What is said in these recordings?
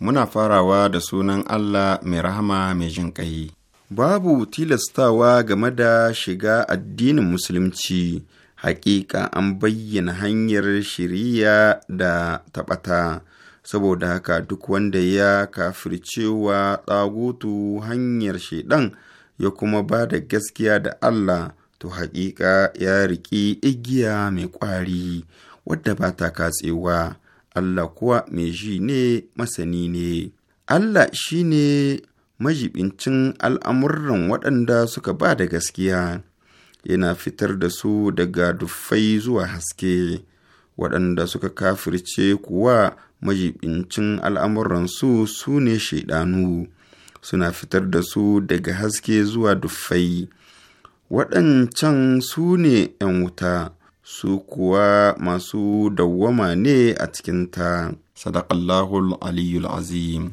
muna farawa da sunan Allah mai rahama mai jin Babu tilastawa game da shiga addinin Musulunci, hakika an bayyana hanyar shiriya da taɓata saboda haka duk wanda ya cewa tsagutu hanyar shaidan ya kuma ba da gaskiya da Allah to hakika ya riƙi igiya mai ƙwari wadda ba ta katsewa Allah kuwa mai ji ne masani ne Allah shi ne majibincin al'amuran waɗanda suka ba da gaskiya yana fitar da su daga duffai zuwa haske waɗanda suka kafirce kuwa majibincin al'amuransu su ne shaidanu suna fitar da su daga haske zuwa duffai waɗancan su ne ‘yan wuta su kuwa masu dawwama ne a cikinta sadaƙallahul Aliyu azim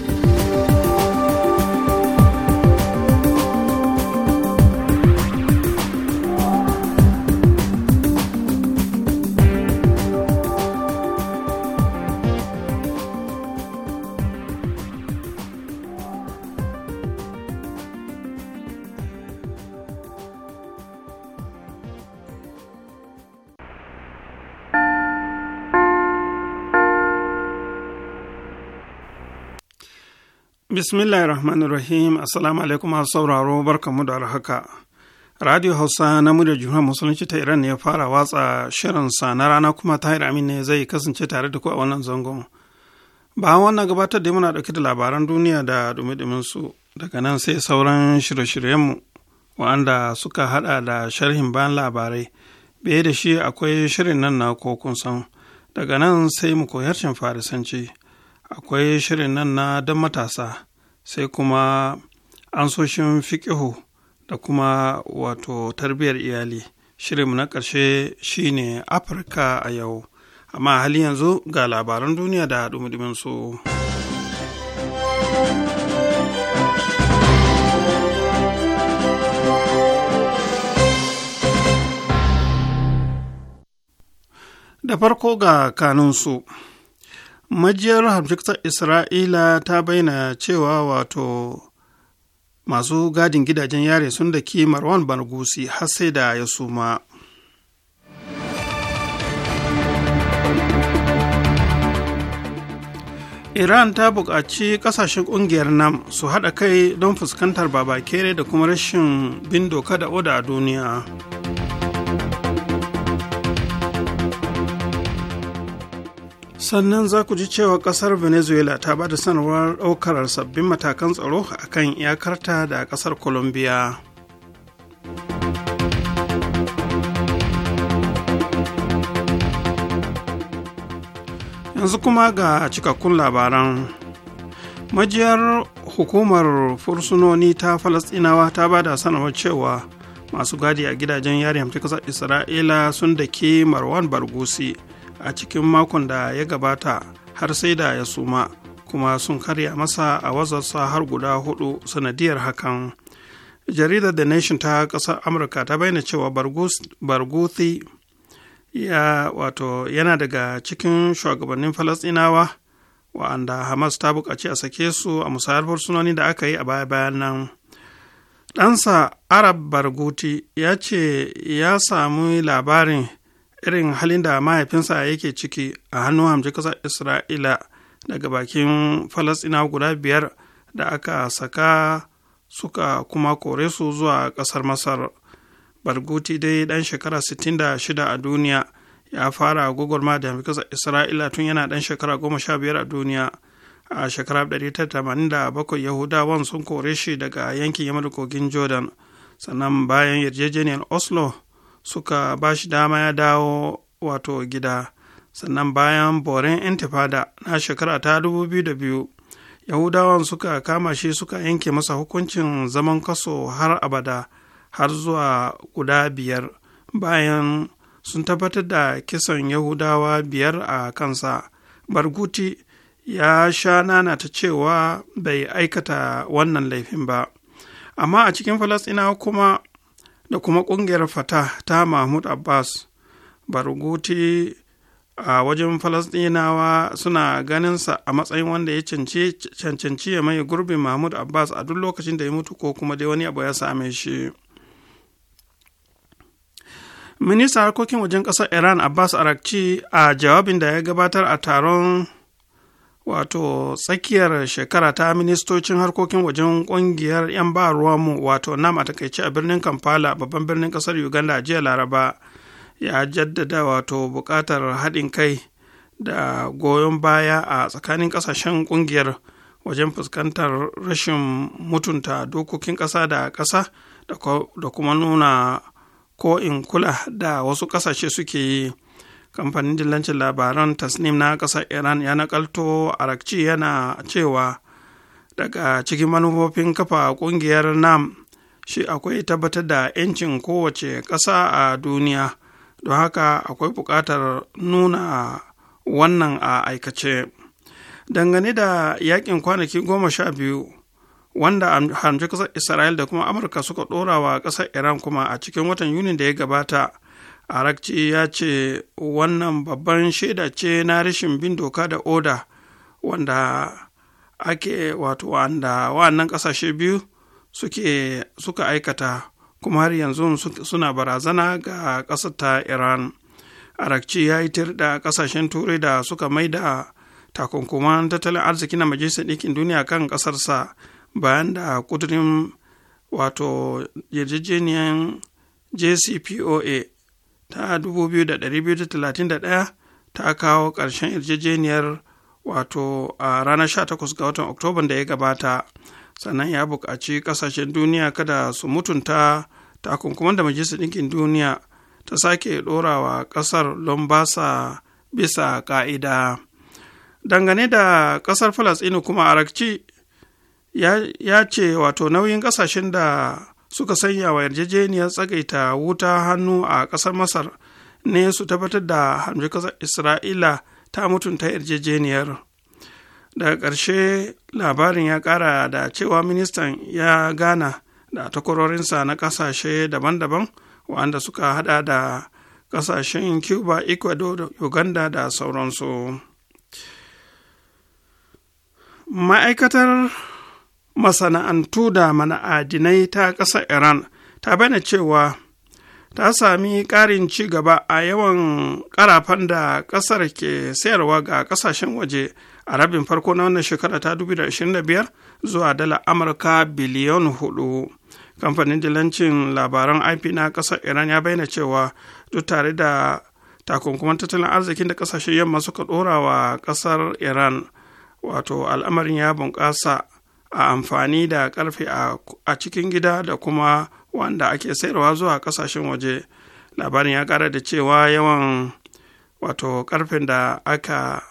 Bismillahir Rahmanir Rahim. Assalamu alaikum masu sauraro barkamu da haka. Radio Hausa na muryar Jihar Musulunci ta Iran ne ya fara watsa shirinsa na rana kuma Tahir Amin ne zai kasance tare da ku a wannan zangon. ba wannan gabatar da muna dauke da labaran duniya da dumi su daga nan sai sauran shirye-shiryenmu wa'anda suka haɗa da sharhin bayan labarai. be da shi akwai shirin nan na kokun san daga nan sai mu koyar farisanci. Akwai shirin nan na dan matasa. sai kuma ansoshin fikihu da kuma wato tarbiyyar iyali shirinmu na ƙarshe shine afirka a yau amma hali yanzu ga labaran duniya da dumudumin su da farko ga kanunsu su majiyar hamshiktar isra'ila ta bayyana cewa wato masu gadin gidajen yare sun da ki marwan bargusi har sai da ya suma iran ta buƙaci ƙasashen ƙungiyar nam su haɗa kai don fuskantar babakere da kuma rashin bin doka da oda a duniya sannan za ku ji cewa kasar venezuela ta bada sanarwar ɗaukar sabbin matakan tsaro a kan iyakarta da kasar colombia yanzu kuma ga cikakkun labaran majiyar hukumar fursunoni ta falasɗinawa ta bada da sanarwar cewa masu gadi a gidajen yari hamtar kasar isra'ila sun dake marwan bargusi a cikin makon da ya gabata har sai da ya suma kuma sun karya masa a wazarsa har guda hudu sanadiyar hakan jaridar the nation ta ƙasar amurka ta bayyana cewa barguthi ya wato yana daga cikin shugabannin falasɗinawa wa'anda hamas ta bukaci a sake su a musayar fursunoni da aka yi a baya-bayan nan ɗansa arab barguti ya ce ya sami labarin irin halin da mahaifinsa yake ciki a hannun hamji kasar isra'ila daga bakin falasɗina guda biyar da aka saka suka kuma kore su zuwa ƙasar masar barguti dai dan shekara 66 a duniya ya fara ma da hamji isra'ila tun yana dan shekara 15 a duniya a shekara 1987 yahudawan sun kore shi daga yankin yamar kogin jordan sannan bayan yarjejeniyar oslo suka ba shi dama ya dawo wato gida sannan bayan boren intifada na shekara ta da biyu. yahudawan suka kama shi suka yanke masa hukuncin zaman kaso har abada har zuwa guda biyar bayan sun tabbatar da kisan yahudawa biyar a kansa barguti ya sha nana ta cewa bai aikata wannan laifin ba amma a cikin falasɗinawa kuma da kuma ƙungiyar Fatah ta mahmud abbas barguti a wajen falasɗinawa suna ganinsa a matsayin wanda ya cancanci ya mai gurbin mahmud abbas a duk lokacin da ya mutu ko kuma dai wani abu ya same shi ministan harkokin wajen ƙasar iran abbas arakci a jawabin da ya gabatar a taron wato tsakiyar shekara ta ministocin harkokin wajen kungiyar 'yan ba mu wato nam a takaice a birnin kampala babban birnin kasar uganda jiya laraba ya jaddada wato bukatar haɗin kai da goyon baya a tsakanin ƙasashen ƙungiyar wajen fuskantar rashin mutunta dokokin ƙasa da ƙasa da kuma nuna ko in kula da wasu ƙasashe suke yi kamfanin dillancin labaran tasnim na ƙasar iran ya nakalto arakci yana cewa daga cikin manufofin kafa ƙungiyar nam shi akwai tabbatar da 'yancin kowace ƙasa a duniya don haka akwai buƙatar nuna wannan a aikace dangane da yakin kwanaki goma sha biyu wanda haramci ƙasar isra'il da kuma amurka suka ɗora wa ƙasar iran kuma a cikin watan yuni da ya gabata arakci ya ce wannan babban shaida ce na rashin bin doka da oda wanda ake wato wanda wannan ƙasashe biyu suke suka aikata kuma har yanzu suna barazana ga ƙasar ta iran arakci ya yi da ƙasashen turai da suka maida takunkuman tattalin arziki na majalisar ɗinkin duniya kan ƙasarsa bayan da kudurin wato yarjejeniyar jcpoa ta 2231 ta kawo ƙarshen yarjejeniyar wato a ranar 18 ga watan oktoban da ya gabata sannan ya buƙaci ƙasashen duniya kada su mutunta takunkuman da majalisar ɗinkin duniya ta sake ɗorawa ƙasar lombasa bisa ƙa'ida dangane da ƙasar falasɗinu kuma arakci ya ce wato nauyin ƙasashen da suka sanya wa yarjejeniyar tsagaita wuta hannu a ƙasar masar ne su tabbatar da hamshi ƙasar isra'ila ta mutunta yarjejeniyar daga ƙarshe labarin ya ƙara da cewa ministan ya gana da takwarorinsa na ƙasashe daban-daban wanda suka hada da ƙasashen cuba ecuador uganda da sauransu ma'aikatar masana'antu da mana'adinai ta ƙasar iran ta bayyana cewa ta sami ƙarin ci gaba a yawan ƙarafan da ƙasar ke sayarwa ga ƙasashen waje a rabin farko na wannan shekara ta 2025 zuwa dala amurka biliyon hudu kamfanin dilancin labaran ip na ƙasar iran ya bayyana cewa duk tare da takunkuman tattalin arzikin da ƙasashen yamma suka ɗora wa ƙasar iran wato al'amarin ya bunƙasa a amfani da karfe a cikin gida da kuma wanda ake sayarwa zuwa kasashen waje labarin ya kara da cewa yawan wato karfin da aka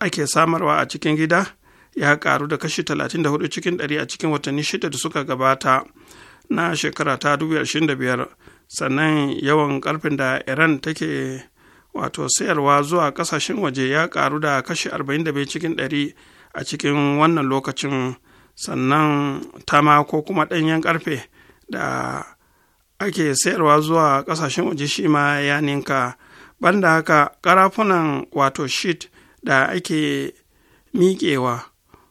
ake samarwa a cikin gida ya karu da kashi 34 cikin 100 a cikin watanni shida da suka gabata na shekara ta 2025 sannan yawan karfin da iran take wato sayarwa zuwa kasashen waje ya karu da kashi 45 cikin 100 a cikin wannan lokacin sannan tama ko kuma ɗanyen ƙarfe da ake sayarwa zuwa ƙasashen waje shi ma ya ninka banda haka ƙarafunan wato sheet da ake miƙewa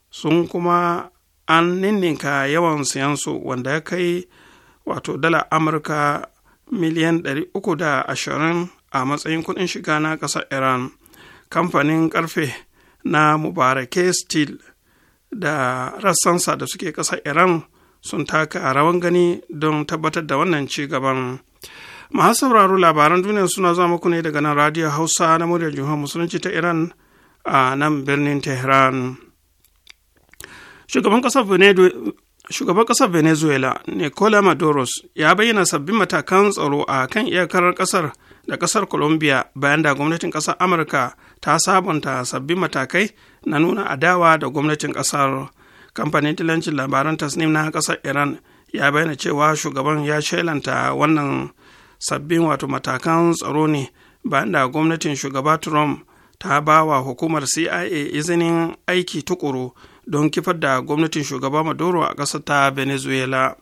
sun kuma an ninninka yawan siyansu wanda ya kai wato dala amurka miliyan 320 a matsayin kuɗin shiga na ƙasar iran kamfanin ƙarfe na mubarake steel da rassansa da suke ƙasar iran sun taka rawan gani don tabbatar da wannan ci gaban masu sauraro labaran duniya suna zuwa muku ne daga nan radio hausa na muryar jihar musulunci ta iran a nan birnin tehran shugaban ƙasar venezuela nicola maduros ya bayyana sabbin matakan tsaro a kan iyakar ƙasar da ƙasar colombia bayan da gwamnatin ƙasar amurka ta sabunta sabbin matakai na nuna adawa da gwamnatin ƙasar kamfanin tilancin labaran tasnim na ƙasar iran ya bayyana cewa shugaban ya shailanta wannan sabbin wato matakan tsaro ne bayan da gwamnatin shugaba trump ta ba wa hukumar cia izinin aiki tukuru don kifar da gwamnatin shugaba maduro a ƙasar ta venezuela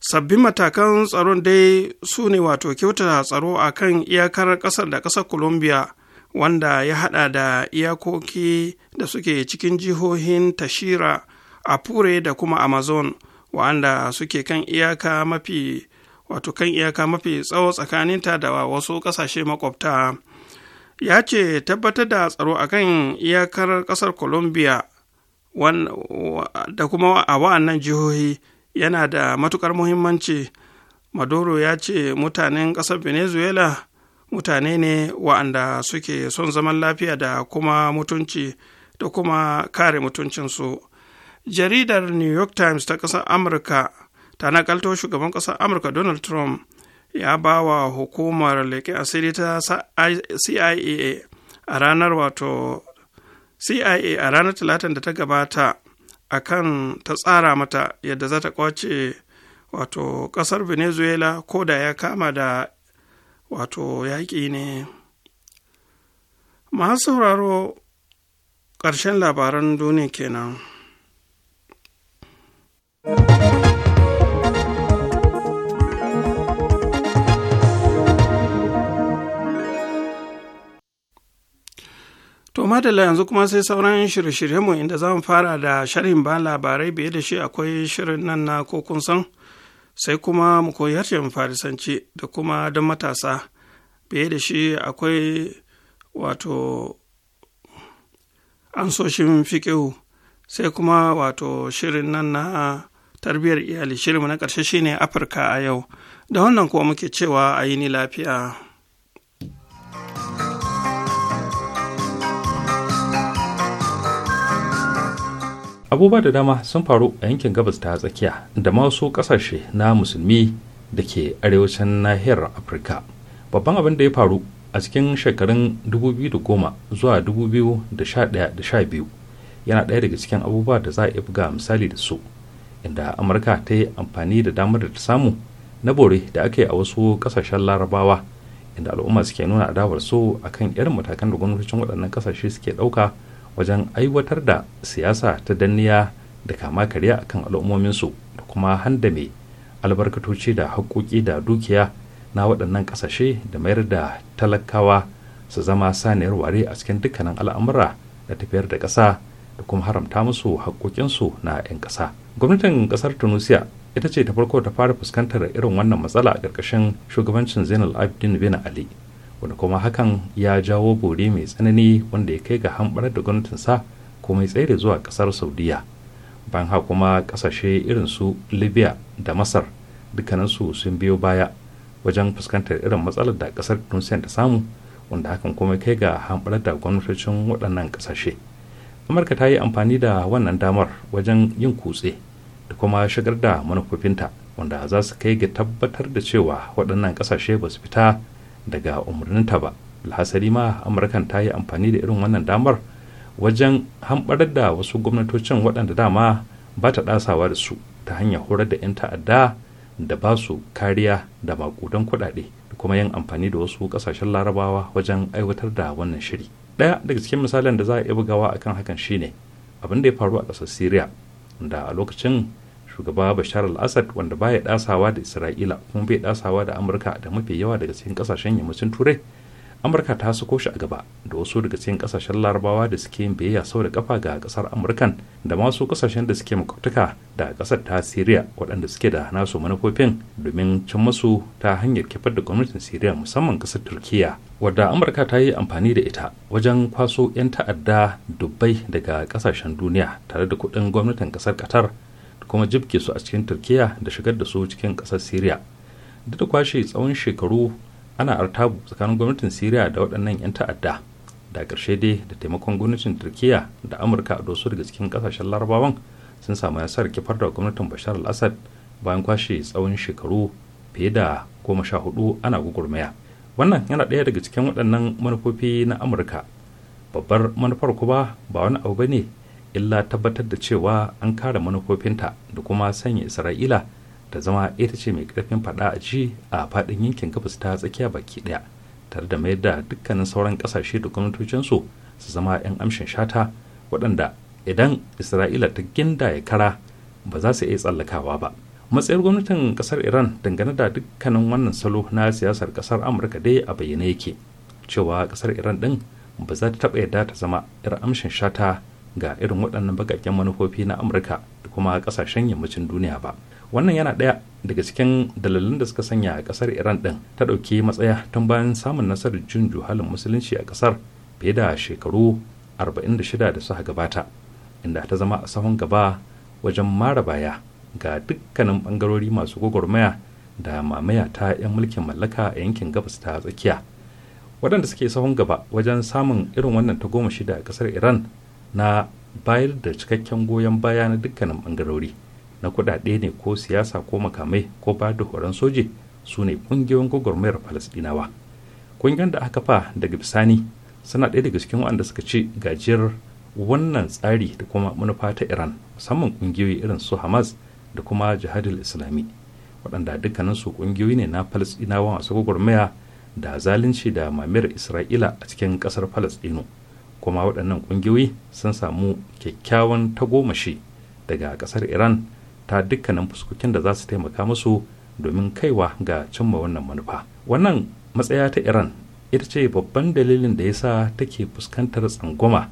sabbin matakan tsaron dai su ne wato kyauta tsaro a kan iyakar ƙasar da ƙasar colombia wanda ya haɗa da iyakoki da suke cikin jihohin tashira apure da kuma amazon wa'anda suke kan iyaka mafi wato kan iyaka mafi tsawo tsakaninta da wasu ƙasashe makwabta ya ce tabbatar da tsaro a kan iyakar ƙasar colombia da kuma a wa'annan jihohi yana da matukar muhimmanci maduro ya ce mutanen ƙasar venezuela mutane ne wa'anda suke son zaman lafiya da kuma mutunci da kuma kare mutuncinsu jaridar new york times ta ƙasar amurka ta nakalto shugaban ƙasar amurka donald trump ya ba wa hukumar leƙen asiri ta cia a ranar wato cia a ranar talatin da ta gabata a kan ta tsara mata yadda za ta kwace wato kasar venezuela ko da ya kama da wato yaƙi ne masu sauraro ƙarshen labaran duniya kenan To madalla yanzu kuma sai sauran shirye-shiryenmu inda za mu fara da sharhin ba labarai biye da shi akwai shirin nan na ko san sai kuma mu koyi harshen farisanci da kuma don matasa biye da shi akwai wato ansoshin fiƙihu sai kuma wato shirin nan na tarbiyyar iyali shirin na ƙarshe shine afirka a yau da wannan kuwa muke cewa a yi ni lafiya abubuwa da dama sun faru a yankin gabas ta tsakiya da masu kasashe na musulmi da ke arewacin nahiyar afirka babban abin da ya faru a cikin shekarun 2010 zuwa 2011-12 yana ɗaya daga cikin abubuwa da za a buga misali da su inda amurka ta yi amfani da damar da ta samu na bore da aka yi a wasu kasashen larabawa inda al'umma suke nuna adawar su akan irin matakan da gwamnatocin waɗannan kasashe suke ɗauka wajen aiwatar da siyasa ta danniya da kama karya akan al'ummominsu da kuma handame albarkatoci da haƙoƙi da dukiya na waɗannan ƙasashe da mayar da talakawa su zama saniyar ware a cikin dukkanin al'amura da tafiyar da ƙasa da kuma haramta musu haƙoƙinsu na 'yan ƙasa gwamnatin ƙasar tunisia ita ce ta farko ta fara fuskantar irin wannan matsala a ƙarƙashin shugabancin zainal abidin bin ali wanda kuma hakan ya jawo bore mai tsanani wanda ya kai ga hambar da gwamnatinsa kuma ya tsere zuwa kasar saudiya ban ha kuma kasashe irin su libya da masar dukkaninsu sun biyo baya wajen fuskantar irin matsalar da kasar tunisiya ta samu wanda hakan kuma kai ga hambar da gwamnatocin waɗannan kasashe amurka ta yi amfani da wannan damar wajen yin kutse da kuma shigar da manufofinta wanda za su kai ga tabbatar da cewa waɗannan kasashe ba su fita daga umarninta ba alhasari ma amurkan ta yi amfani da irin wannan damar wajen hamɓarar da wasu gwamnatocin waɗanda dama ba ta ɗasawa da su ta hanyar horar da 'yan ta'adda da ba su kariya da makudan kuɗaɗe da kuma yin amfani da wasu ƙasashen larabawa wajen aiwatar da wannan shiri ɗaya daga cikin misalin da za a iya bugawa akan hakan shine abin da ya faru a ƙasar syria da a lokacin shugaba bashar al-assad wanda baya dasawa da isra'ila kuma bai dasawa da amurka da mafi yawa daga cikin kasashen yammacin turai amurka ta sako shi a gaba da wasu daga cikin kasashen larabawa da suke yin biyayya sau da kafa ga kasar amurkan da masu kasashen da suke makwabtaka da kasar ta syria waɗanda suke da nasu manufofin domin cin masu ta hanyar kifar da gwamnatin syria musamman kasar turkiya wadda amurka ta yi amfani da ita wajen kwaso 'yan ta'adda dubbai daga kasashen duniya tare da kuɗin gwamnatin kasar qatar kuma jibke su a cikin turkiya da shigar da su cikin kasar syria duk da kwashe tsawon shekaru ana artabu tsakanin gwamnatin syria da waɗannan 'yan ta'adda da ƙarshe dai da taimakon gwamnatin turkiya da amurka a dosu daga cikin ƙasashen larabawan sun samu nasarar kifar da gwamnatin bashar al-assad bayan kwashe tsawon shekaru fiye da goma sha hudu ana gugurmaya wannan yana ɗaya daga cikin waɗannan manufofi na amurka babbar manufar kuma ba wani abu ba ne illa tabbatar da cewa an kare manufofinta da kuma sanya isra'ila ta zama ita ce mai karfin fada a ji a fadin yankin gabas ta tsakiya baki daya tare da mayar da dukkanin sauran kasashe da gwamnatocinsu su zama 'yan amshin shata waɗanda idan isra'ila ta ginda ya kara ba za su iya tsallakawa ba matsayin gwamnatin kasar iran dangane da dukkanin wannan salo na siyasar kasar amurka dai a bayyane yake cewa kasar iran din ba za ta taɓa yarda ta zama 'yar amshin shata ga irin waɗannan bakakken manufofi na amurka da kuma ƙasashen yammacin duniya ba wannan yana ɗaya daga cikin dalilin da suka sanya a ƙasar iran ɗin ta ɗauki matsaya tun bayan samun nasarar jin juhalin musulunci a ƙasar fiye da shekaru 46 da suka gabata inda ta zama a sahun gaba wajen mara baya ga dukkanin bangarori masu gwagwarmaya da mamaya ta 'yan mulkin mallaka a yankin gabas ta tsakiya waɗanda suke sahun gaba wajen samun irin wannan ta goma shida a ƙasar iran na bayar da cikakken goyon baya na dukkanin bangarori na kudade ne ko siyasa ko makamai ko ba da horon soji su ne kungiyoyin gwagwarmayar falasdinawa kungiyar da aka fa daga bisani suna ɗaya daga cikin waɗanda suka ci gajiyar wannan tsari da kuma manufa ta iran musamman kungiyoyi irin su hamas da kuma jihadul islami waɗanda dukkanin su kungiyoyi ne na falasdinawa masu gwagwarmaya da zalunci da mamayar isra'ila a cikin ƙasar falasdino kuma waɗannan ƙungiyoyi sun samu kyakkyawan tagomashi daga ƙasar iran ta dukkanin fuskokin da za su taimaka musu domin kaiwa ga cimma wannan manufa wannan matsaya ta iran ita ce babban dalilin da ya sa take fuskantar tsangwama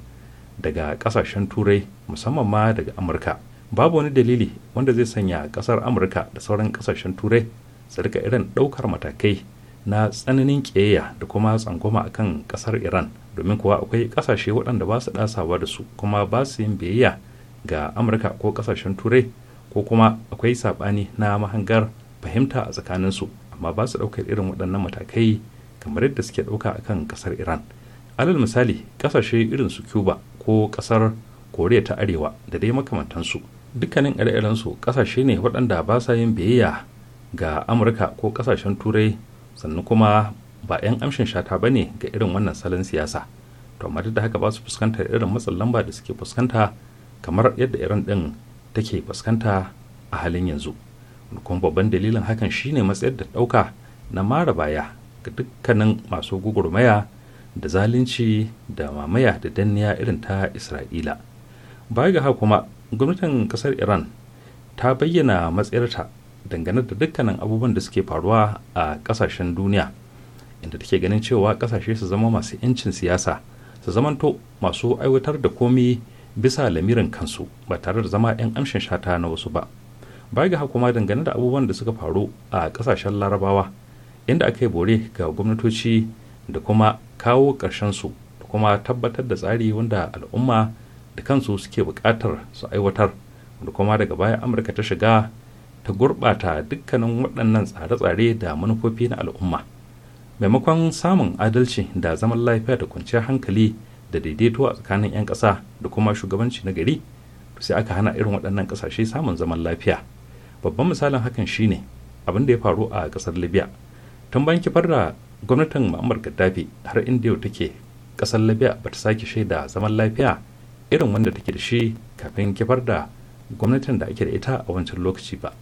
daga ƙasashen turai musamman ma daga amurka babu wani dalili wanda zai sanya ƙasar amurka da sauran ƙasashen turai su rika irin ɗaukar matakai na tsananin ƙiyayya da kuma tsangwama akan ƙasar iran domin kuwa akwai kasashe waɗanda ba su ɗasawa da su kuma ba su yin biyayya ga amurka ko kasashen turai ko kuma akwai saɓani na mahangar fahimta a tsakaninsu amma ba su ɗaukar irin waɗannan matakai kamar yadda suke ɗauka a kan ƙasar iran alal misali ƙasashe irin su cuba ko ƙasar koriya ta arewa da dai makamantansu dukkanin ire-irensu ƙasashe ne waɗanda ba sa yin biyayya ga amurka ko ƙasashen turai sannan kuma ba 'yan amshin shata ba ne ga irin wannan salon siyasa to amma da haka ba su fuskantar irin matsin lamba da suke fuskanta kamar yadda irin din take fuskanta a halin yanzu kuma babban dalilin hakan shine matsayar da ɗauka na mara baya ga dukkanin masu gugurmaya da zalunci da mamaya da danniya irin ta isra'ila baya ga haka kuma gwamnatin kasar iran ta bayyana matsayarta dangane da dukkanin abubuwan da suke faruwa a kasashen duniya inda take ganin cewa kasashe su zama masu 'yancin siyasa su zamanto masu aiwatar da komi bisa lamirin kansu ba tare da zama 'yan amshin shata na wasu ba baya ga hakuma dangane da abubuwan da suka faru a kasashen larabawa inda aka yi bore ga gwamnatoci da kuma kawo su da kuma tabbatar da tsari wanda al'umma da kansu suke buƙatar su aiwatar da kuma daga baya amurka ta shiga ta gurɓata dukkanin waɗannan tsare-tsare da manufofi na al'umma. maimakon samun adalci da zaman lafiya da kwanciyar hankali da daidaito a tsakanin 'yan ƙasa da kuma shugabanci na gari sai aka hana irin waɗannan ƙasashe samun zaman lafiya babban misalin hakan shine abin da ya faru a ƙasar libya tun bayan kifar da gwamnatin ma'amar gaddafi har inda yau take ƙasar libya ba ta sake shaida zaman lafiya irin wanda take da shi kafin kifar da gwamnatin da ake da ita a wancan lokaci ba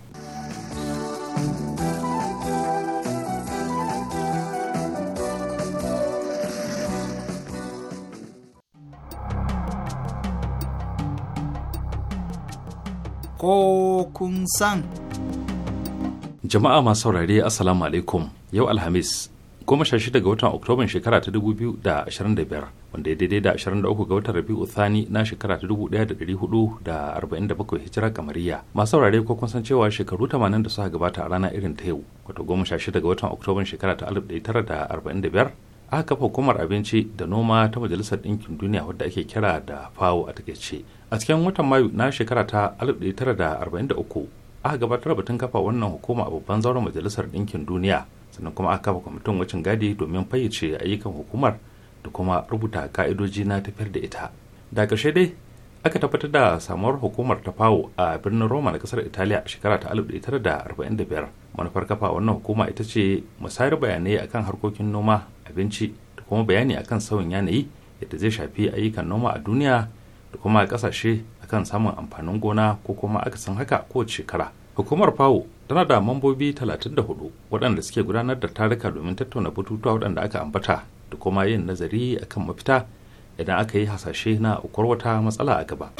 ko kun san. Jama'a masu saurare Assalamu alaikum yau Alhamis goma sha shida ga watan Oktoban shekara ta dubu biyu da ashirin da biyar wanda ya daidai da ashirin da uku ga watan Rabi'u Thani na shekara ta dubu ɗaya da ɗari hudu da arba'in da bakwai hijira kamariya masu saurare ko kun san cewa shekaru tamanin da suka gabata a rana irin ta yau wato goma sha shida ga watan Oktoban shekara ta alif ɗaya tara da arba'in da biyar aka kafa hukumar abinci da noma ta majalisar ɗinkin duniya wadda ake kira da fawo a takaice a cikin watan mayu na shekara ta 1943 aka gabatar batun kafa wannan hukuma a babban zauren majalisar ɗinkin duniya sannan kuma aka kafa kwamitin wucin gadi domin fayyace ayyukan hukumar da kuma rubuta ka'idoji na tafiyar da ita da ƙarshe dai aka tabbatar da samuwar hukumar ta fawo a birnin roma na kasar italiya a shekara ta 1945 manufar kafa wannan hukuma ita ce musayar bayanai akan harkokin noma abinci da kuma bayani akan sauyin yanayi yadda zai shafi ayyukan noma a duniya da kuma kasashe akan samun amfanin gona ko kuma akasin haka ko shekara hukumar fawo tana da mambobi 34 waɗanda suke gudanar da tarika domin tattauna batutuwa waɗanda aka ambata da kuma yin nazari akan mafita idan aka yi hasashe na ukwar wata matsala a gaba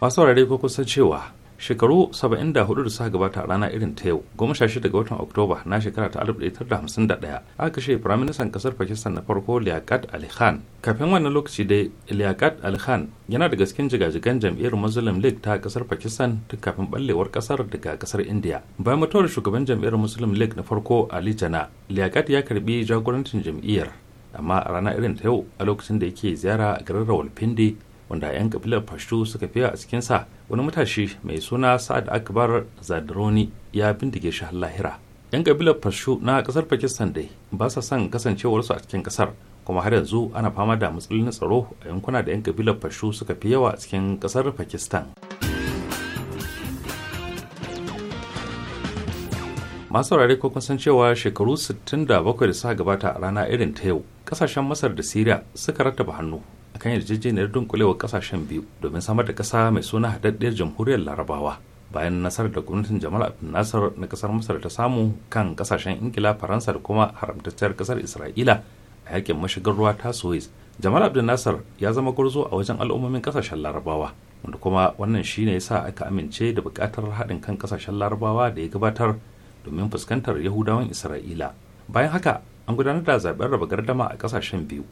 masu ko kusan cewa shekaru 74 da suka gabata a rana irin ta yau goma sha shida ga watan oktoba na shekara ta alif da hamsin daya aka kashe firaministan kasar pakistan na farko liaqat ali khan kafin wannan lokaci dai liaqat ali khan yana da gaskin jigajigan jam'iyyar muslim league ta kasar pakistan tun kafin ballewar kasar daga kasar india bayan mutuwar shugaban jam'iyyar muslim league na farko ali jana liaqat ya karbi jagorancin jam'iyyar amma a rana irin ta yau a lokacin da yake ziyara a garin rawalpindi wanda 'yan kabilar pashto suka fiya a cikinsa wani matashi mai suna sa'ad akbar zadroni ya bindige shi lahira yan kabilar fashu na kasar pakistan dai ba sa son kasancewarsu a cikin kasar kuma har yanzu ana fama da matsalolin tsaro a yankuna da yan kabilar fashu suka fi yawa a cikin kasar pakistan masu saurare ko kun san cewa shekaru 67 da suka gabata a rana irin ta yau kasashen masar da syria suka rattaba hannu akan yarjejeniyar dunkulewar kasashen biyu domin samar da kasa mai suna haɗaɗɗiyar jamhuriyar larabawa bayan nasarar da gwamnatin jamal abdul nasar na kasar masar ta samu kan kasashen ingila faransa da kuma haramtacciyar kasar isra'ila a yakin mashigar ruwa ta suez jamal abdul nasar ya zama gwarzo a wajen al'ummomin kasashen larabawa wanda kuma wannan shine sa aka amince da bukatar haɗin kan kasashen larabawa da ya gabatar domin fuskantar yahudawan isra'ila bayan haka an gudanar da zaɓen raba gardama a kasashen biyu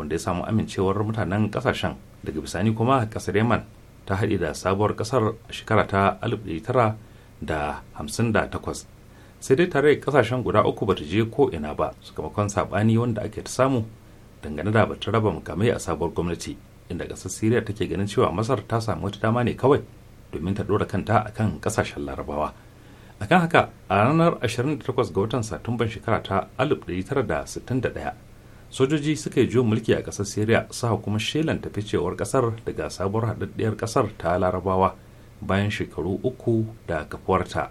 wanda ya samu amincewar mutanen kasashen daga bisani kuma kasar yaman ta haɗe da sabuwar kasar a shekara ta 1958 sai dai tare kasashen guda uku bata je ko ina ba sakamakon saɓani wanda ake ta samu dangane da bata raba mukamai a sabuwar gwamnati inda ƙasar siriya take ganin cewa masar ta samu wata dama ne kawai domin ta ɗora kanta a kan kasashen larabawa akan haka a ranar 28 ga watan satumban shekara ta 1961 sojoji suka yi juyin mulki a kasar syria suka kuma shelanta ficewar kasar daga sabuwar haɗaɗɗiyar kasar ta larabawa bayan shekaru uku da kafuwarta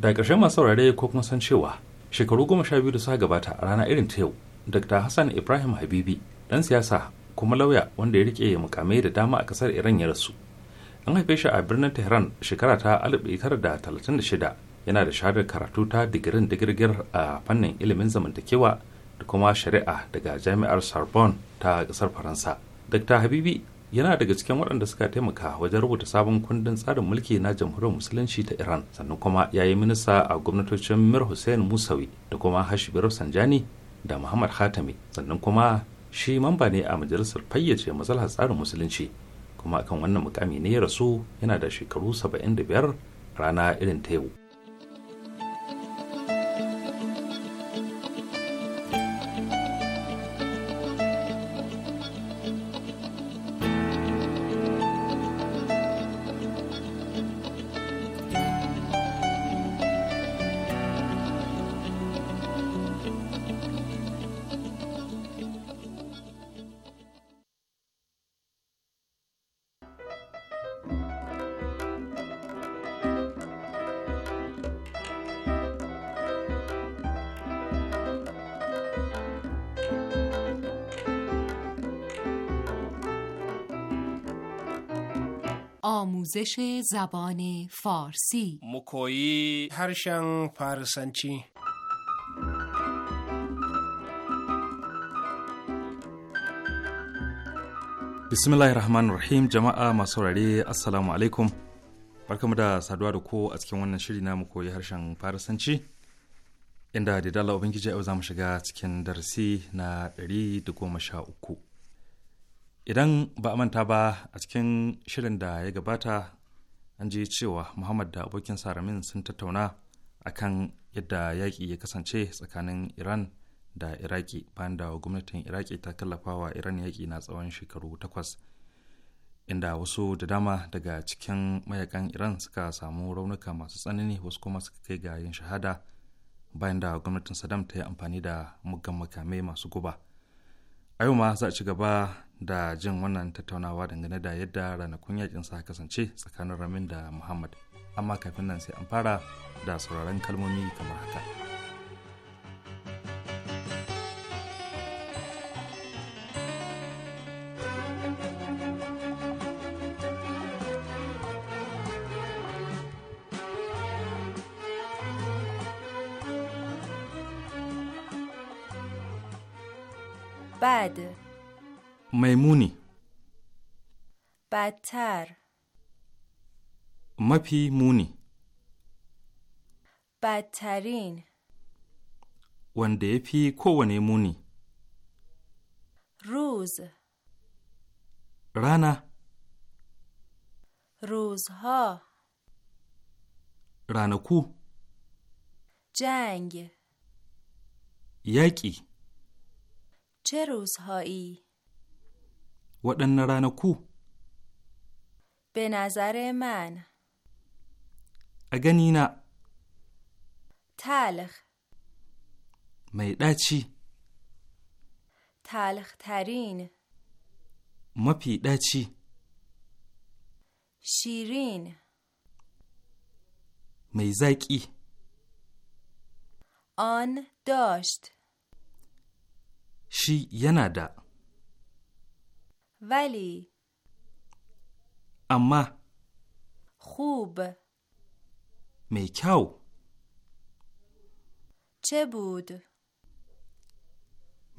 da ƙarshen masu saurare ko kuma san cewa shekaru goma sha biyu da suka gabata a rana irin ta yau dr hassan ibrahim habibi ɗan siyasa kuma lauya wanda ya rike mukamai da dama a kasar iran ya rasu an haife shi a birnin tehran shekara ta 1936 yana da shafin karatu ta digirin digirgir a fannin ilimin zamantakewa da kuma shari'a daga jami'ar sorbonne ta ƙasar faransa dr habibi yana daga cikin waɗanda suka taimaka wajen rubuta sabon kundin tsarin mulki na jamhuriyar musulunci ta iran sannan kuma ya yi minista a gwamnatocin mir hussein musawi da kuma hashibir sanjani da muhammad hatami sannan kuma shi mamba ne a majalisar fayyace matsalar tsarin musulunci kuma akan wannan mukami ne ya rasu yana da shekaru 75 rana irin ta yau آموزش زبان فارسی مکویی هرشن فارسنچی bismillahir rahmanir rahim jama'a masu saurare assalamu alaikum barkamu da saduwa da ko a cikin wannan shiri na mu koyi harshen farisanci inda da dala ubangiji yau za mu shiga cikin darasi na 113 idan ba a manta ba a cikin shirin da ya gabata an ji cewa muhammad da abokin saramin sun tattauna a kan yadda yaƙi ya kasance tsakanin iran da iraki bayan da gwamnatin iraki ta kallafa wa iran yaƙi na tsawon shekaru takwas inda wasu da dama daga cikin mayakan iran suka samu raunuka masu tsanani wasu kuma suka kai ga yin shahada bayan da gwamnatin saddam ta yi amfani da muggan makamai masu guba a yau ma za a ci gaba da jin wannan tattaunawa dangane da yadda ranakun yakin sa kasance tsakanin ramin da muhammad amma kafin nan sai an fara da sauraron kalmomi kamar haka. Bad. Mai muni. Batar. Mafi muni. Batarin. wanda ya fi kowane muni. Ruz Rana Ruzha Ranaku Jang Yaƙi چه روزهایی؟ ودن به نظر من اگنینا تلخ میداچی تلخ ترین مپیداچی شیرین میزکی آن داشت shi yana da. Vale. Amma. Khub. Mai kyau. Chebud.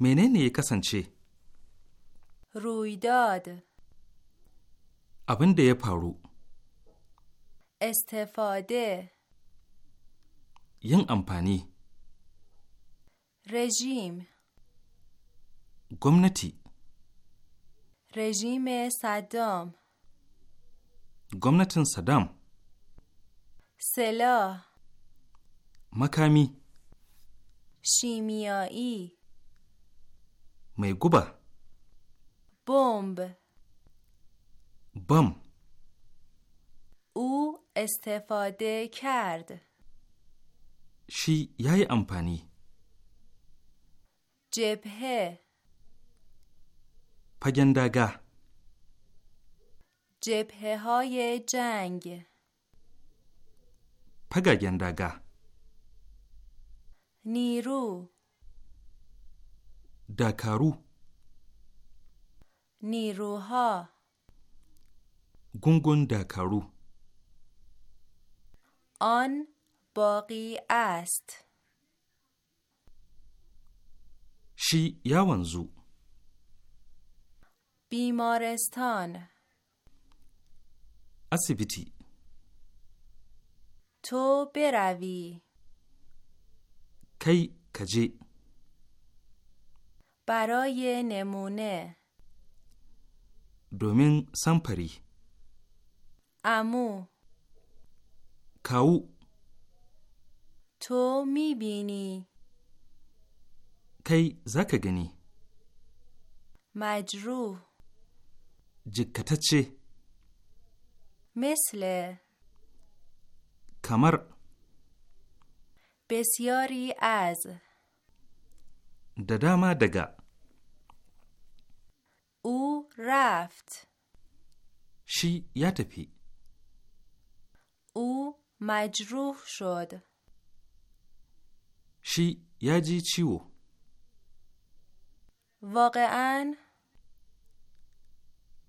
Menene ya kasance? Ruidad. Abinda ya faru. Estefade. Yin amfani. Regime. گمنتی رژیم صدام گمنتن صدام سلا مکامی شیمیایی mai بمب بم او استفاده کرد شی یای امپانی جبهه پگندگه جبهه های جنگ پگندگه نیرو دکارو نیروها گونگون دکارو آن باقی است شی یاونزو بیمارستان اسیبیتی تو بروی کی کجی برای نمونه دومین سمپری امو کاو تو میبینی کی زکگنی مجروح جکتچه مثل کمر بسیاری از دداما دگا او رفت شی یا او مجروح شد شی یا جی چیو واقعاً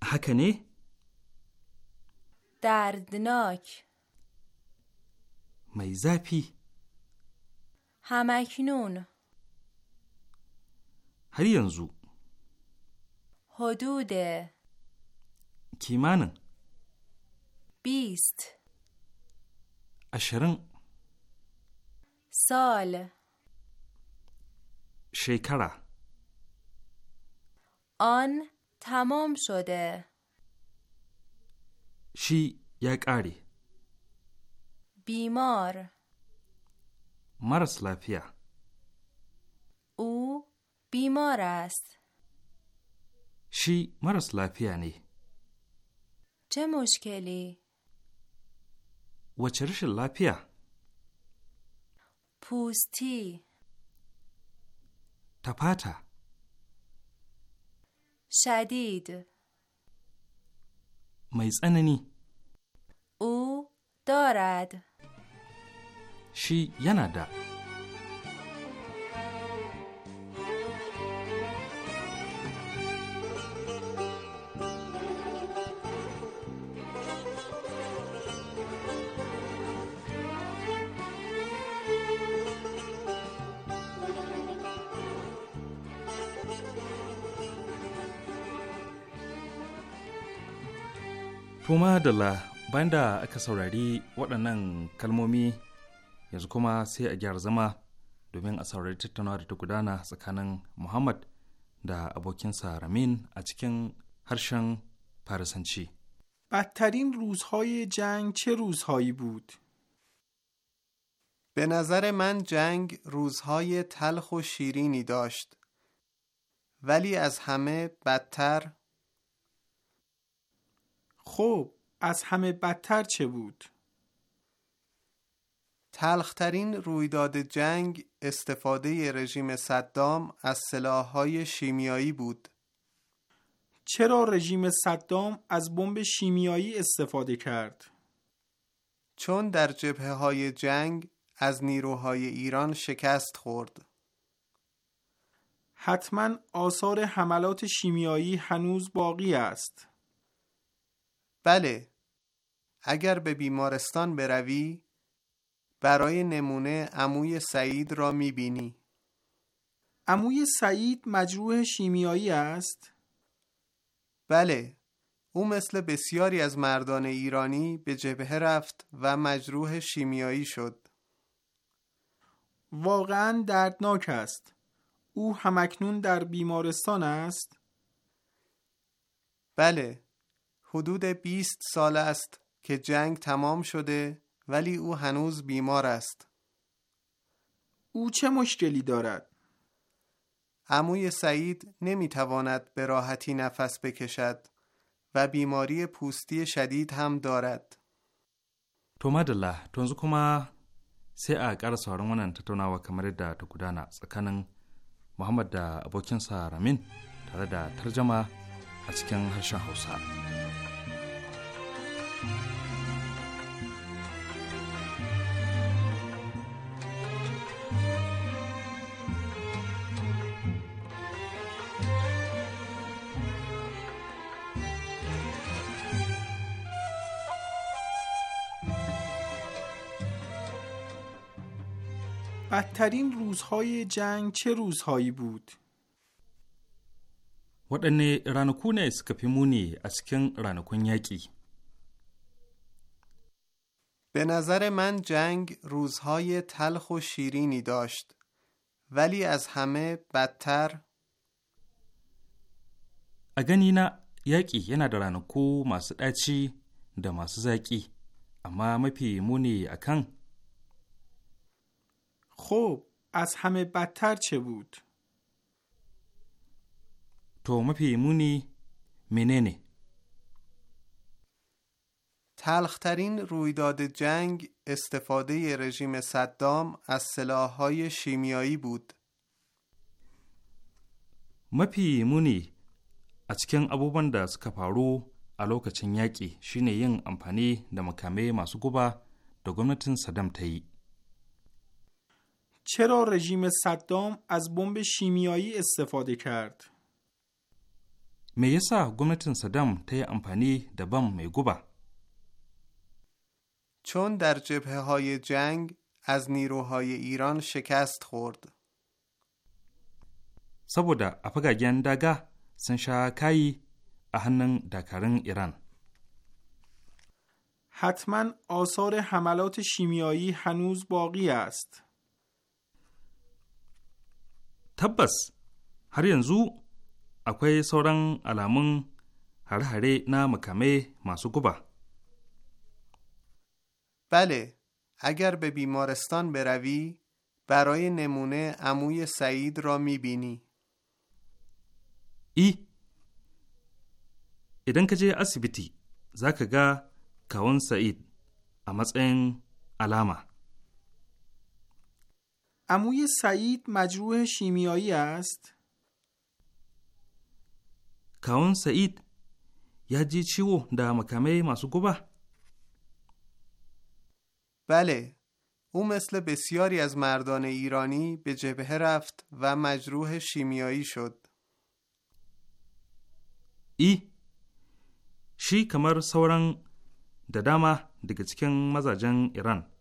هک دردناک می ضافی هماکنون هر ینزو حدود کیمان؟ بیست سال شیکره آن تمام شده شی یک آری بیمار مرس لفیا او بیمار است شی مرس لفیا نی چه مشکلی؟ و چرش لفیا پوستی تپاتا شدید mai tsanani او دارد شی yana da Tuma Dalla bayan da aka saurari waɗannan kalmomi yanzu kuma sai a gyara zama domin a saurari tattaunawa da ta gudana tsakanin Muhammad da abokinsa Ramin a cikin harshen Farisanci. بدترین روزهای jang چه روزهایی bud? به نظر من جنگ روزهای تلخ و شیرینی داشت ولی از همه بدتر خب از همه بدتر چه بود؟ تلخترین رویداد جنگ استفاده رژیم صدام از سلاح‌های شیمیایی بود. چرا رژیم صدام از بمب شیمیایی استفاده کرد؟ چون در جبه های جنگ از نیروهای ایران شکست خورد. حتما آثار حملات شیمیایی هنوز باقی است. بله اگر به بیمارستان بروی برای نمونه عموی سعید را میبینی عموی سعید مجروح شیمیایی است؟ بله او مثل بسیاری از مردان ایرانی به جبهه رفت و مجروح شیمیایی شد واقعا دردناک است او همکنون در بیمارستان است؟ بله حدود 20 سال است که جنگ تمام شده ولی او هنوز بیمار است. او چه مشکلی دارد؟ عموی سعید نمیتواند به راحتی نفس بکشد و بیماری پوستی شدید هم دارد. تومد الله تونزو کما سی اگر ار سارم ونن و کمری دا تکودانا سکنن محمد دا ابوکن سارمین تر دا ترجمه از کن حوصار. بدترین روزهای جنگ چه روزهایی بود؟ waɗanne ranaku ne suka fi muni a cikin ranakun yaƙi به نظر من جنگ روزهای تلخ و شیرینی داشت ولی از همه بدتر a gani na yaƙi yana da ranaku masu ɗaci da masu zaƙi amma mafi muni akan خب از همه بدتر چه بود؟ تو پیمونی مننه تلخترین رویداد جنگ استفاده رژیم صدام از سلاح های شیمیایی بود ما پیمونی از کن ابو بند از کپارو الو کچن شینه ینگ امپانی در ماسو گوبا دو گمنتن صدام تایی چرا رژیم صدام از بمب شیمیایی استفاده کرد؟ me yasa gwamnatin Saddam ta yi amfani da چون در جبهه های جنگ از نیروهای ایران شکست خورد. saboda a fagagen daga sun sha kayi ایران. حتما آثار حملات شیمیایی هنوز باقی است. tabbas har yanzu akwai sauran alamun hare-hare na makamai masu guba. بله اگر به بیمارستان بروی Amu ya عموی سعید را میبینی ای idan ka je asibiti za ka ga kawun sa'id a matsayin alama اموی سعید مجروح شیمیایی است؟ کاون سعید یا جی چیو دا مکمه ماسو بله او مثل بسیاری از مردان ایرانی به جبهه رفت و مجروح شیمیایی شد ای شی کمر سوران دداما دگه چکن مزاجن ایران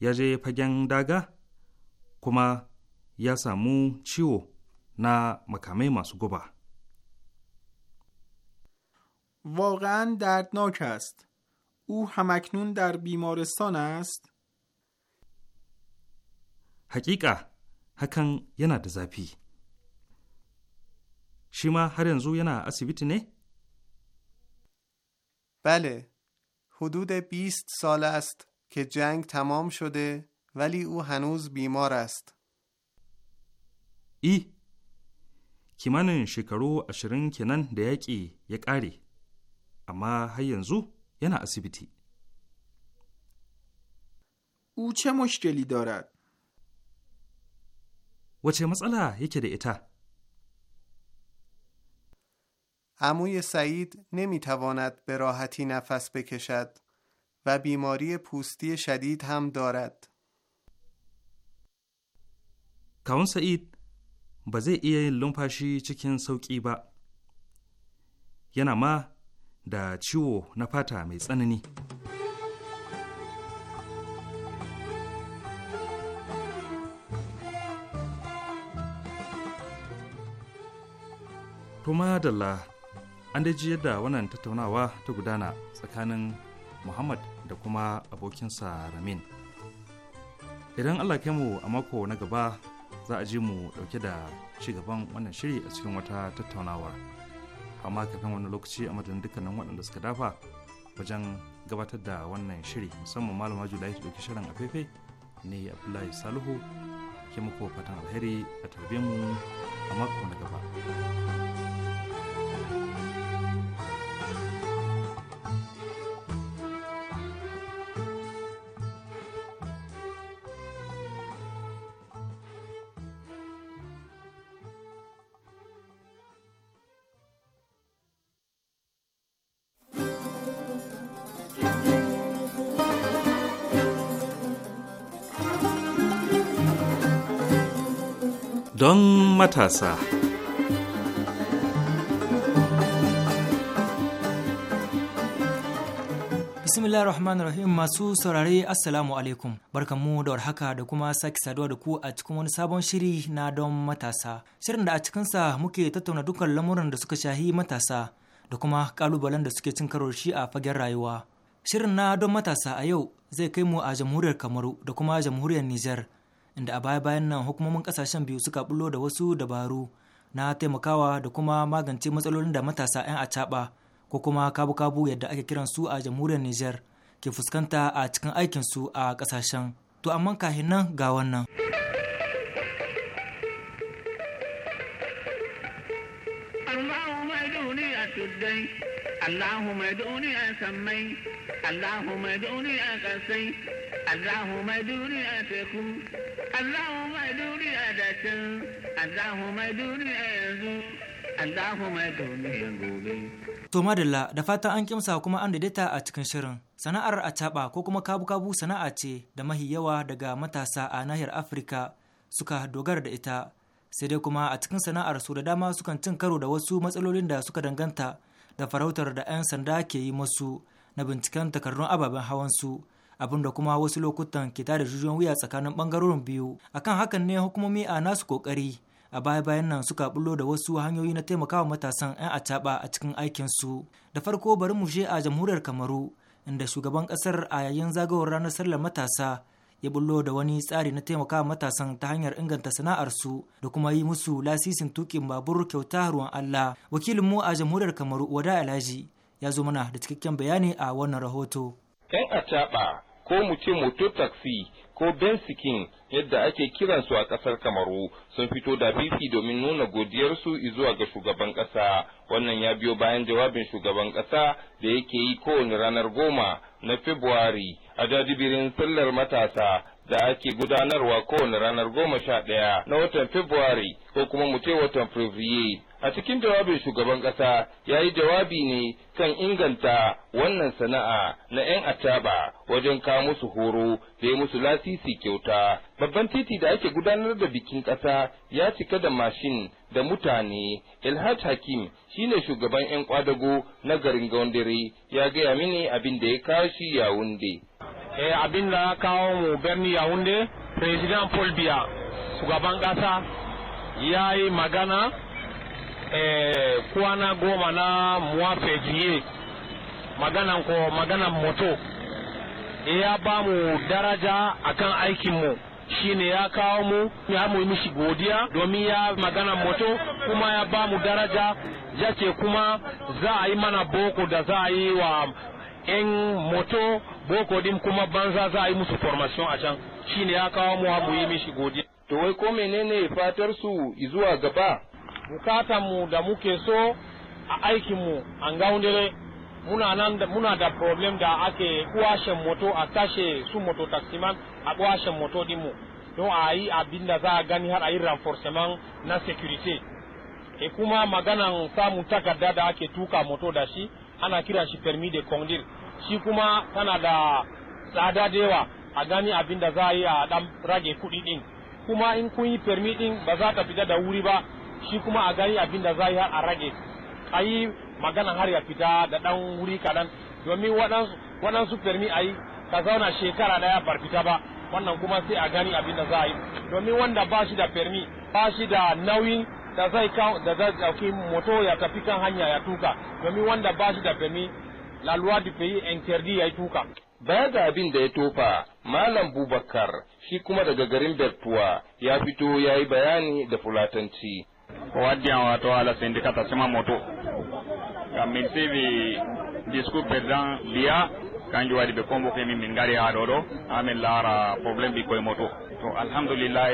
یا جی پگن داگه کما یا سامو چیو نه مکامه ماسو گبا واقعا دردناک است او همکنون در بیمارستان است حقیقه hakan ینا د zafi. شی ما هر yanzu ینا اسیبیتی نه؟ بله حدود 20 سال است که جنگ تمام شده ولی او هنوز بیمار است. ای کیمان شکارو اشرین کنن ده یک یک اما اما هر ینزو ینا اسیبیتی او چه مشکلی دارد؟ و چه مسئله یکی ده ایتا؟ عموی سعید نمیتواند به راحتی نفس بکشد و بیماری پوستی شدید هم دارد. kawun sa'id ba zai iya yin lumfashi cikin sauƙi ba yana ma da ciwo na fata mai tsanani Tuma Dalla an daji yadda wannan tattaunawa ta gudana tsakanin Muhammad da kuma abokinsa Ramin. Idan Allah mu a mako na gaba za a ji mu dauke da ci gaban wannan shiri a cikin wata tattaunawar amma kafin wani lokaci a madadin dukkanin waɗanda suka dafa wajen gabatar da wannan shiri musamman malama julai ta ɗauki shirin a faifai ne abdullahi salihu ke muku fatan alheri a tarbe mu a mako na gaba. don matasa. Bismillah rahman rahim masu saurare Assalamu alaikum barkanmu da warhaka da kuma sake saduwa da ku a cikin wani sabon shiri na don matasa. Shirin da a cikinsa muke tattauna dukkan lamuran da suka shahi matasa da kuma kalubalen da suke cin karo shi a fagen rayuwa. Shirin na don matasa a yau zai kai mu a jamhuriyar Kamaru da kuma jamhuriyar Nijar. inda a baya-bayan nan hukumomin kasashen biyu suka bullo da wasu dabaru na taimakawa da kuma magance matsalolin da matasa 'yan acaɓa ko kuma kabu-kabu yadda ake kiran su a jamhuriyar Nijar ke fuskanta a cikin aikin su a kasashen. To amma kahin nan ga wannan. اللهم ادعوني أسمي اللهم ادعوني أقصي اللهم ادعوني أتكو اللهم ادعوني أدتو اللهم ادعوني ازو اللهم ادعوني أنقوبي To madalla da fatan an kimsa kuma an daidaita a cikin shirin. Sana'ar acaɓa ko kuma kabu-kabu sana'a ce da mahi yawa daga matasa a nahiyar Afirka suka dogara da ita. Sai dai kuma a cikin sana'ar su da dama sukan cin karo da wasu matsalolin da suka danganta da farautar da 'yan sanda ke yi masu na binciken takardun ababen hawan hawansu abinda kuma wasu lokutan ke tada jujiyar wuya tsakanin bangarorin biyu akan hakan ne hukumomi a nasu kokari a baya bayan nan suka bullo da wasu hanyoyi na taimakawa matasan 'yan acaba a cikin aikin su. da farko bari mu je a jamhuriyar kamaru inda shugaban kasar a yayin zagawar ranar sallar matasa ya bullo da wani tsari na taimaka matasan ta hanyar inganta sana'arsu da kuma yi musu lasisin tukin babur kyauta ruwan Allah. Wakilin mu a jamhuriyar Kamaru Wada Alhaji ya zo mana da cikakken bayani a wannan rahoto. ‘Yan acaɓa ko mu moto taxi ko bensikin yadda ake kiran su a ƙasar kamaru sun fito da fifi domin nuna godiyarsu zuwa ga shugaban ƙasa wannan ya biyo bayan jawabin shugaban ƙasa da yake yi kowane ranar goma na februari a jajibirin sallar matasa da ake gudanarwa kowane ranar goma sha ɗaya na watan Fabrairu ko kuma mu ce watan Fabrairu. A cikin jawabin shugaban ƙasa ya yi jawabi ne kan inganta wannan sana'a na 'yan ataba wajen kawo musu horo da ya musu lasisi kyauta. Babban titi da ake gudanar da bikin ƙasa ya cika da mashin da mutane. Ilhaj Hakim shine shugaban 'yan kwadago na garin Gaundare ya gaya mini abin da ya kashi shi wunde. Eh, abin da kawo mu ya yawunde president paul biya shugaban kasa ya yi magana eh, kwana goma na jiye Magana ko magana moto eh, ya ba mu daraja akan aikinmu shine ya kawo mu ya mu mishi godiya domin ya magana moto kuma ya ba mu daraja ya ce kuma za a yi mana boko da za a yi wa 'yan moto boko din kuma banza za a yi musu formation a can Shin ya kawo mu mu yi mishi godiya to wai ko menene fatar su zuwa gaba bukatan mu da muke so a aikin mu an gaundare muna nan da muna da problem da ake kwashen moto a tashe su moto taksiman a kwashen moto din mu don a yi abin da za a gani har a yi reinforcement na security e kuma maganan samun takarda da ake tuka moto da shi ana kira shi permis de conduire shi kuma tana da tsada da yawa a gani abin da za a yi a dan rage kuɗi din kuma in kun yi permit din ba za ta fita da wuri ba shi kuma a gani abin da za a yi a rage a magana har ya fita da dan wuri kaɗan domin waɗansu permi a yi ka zauna shekara ɗaya bar fita ba wannan kuma sai a gani abin da za a yi domin wanda ba shi da permi ba shi da nauyin da zai dauki moto ya tafi kan hanya ya tuka domin wanda ba shi da permi La loi du pays interdit yayi tuka. Baya ga abin da ya tofa, Malam Bubakar shi kuma daga garin berpuwa ya fito ya yi bayani da Fulatanci. Wadiyan wato ala sindikata sima moto. Kamin sivi disku président biya kanju wadi ɓe convoqué min min gari ha ɗo amin lara problem bi koye moto to alhamdulillah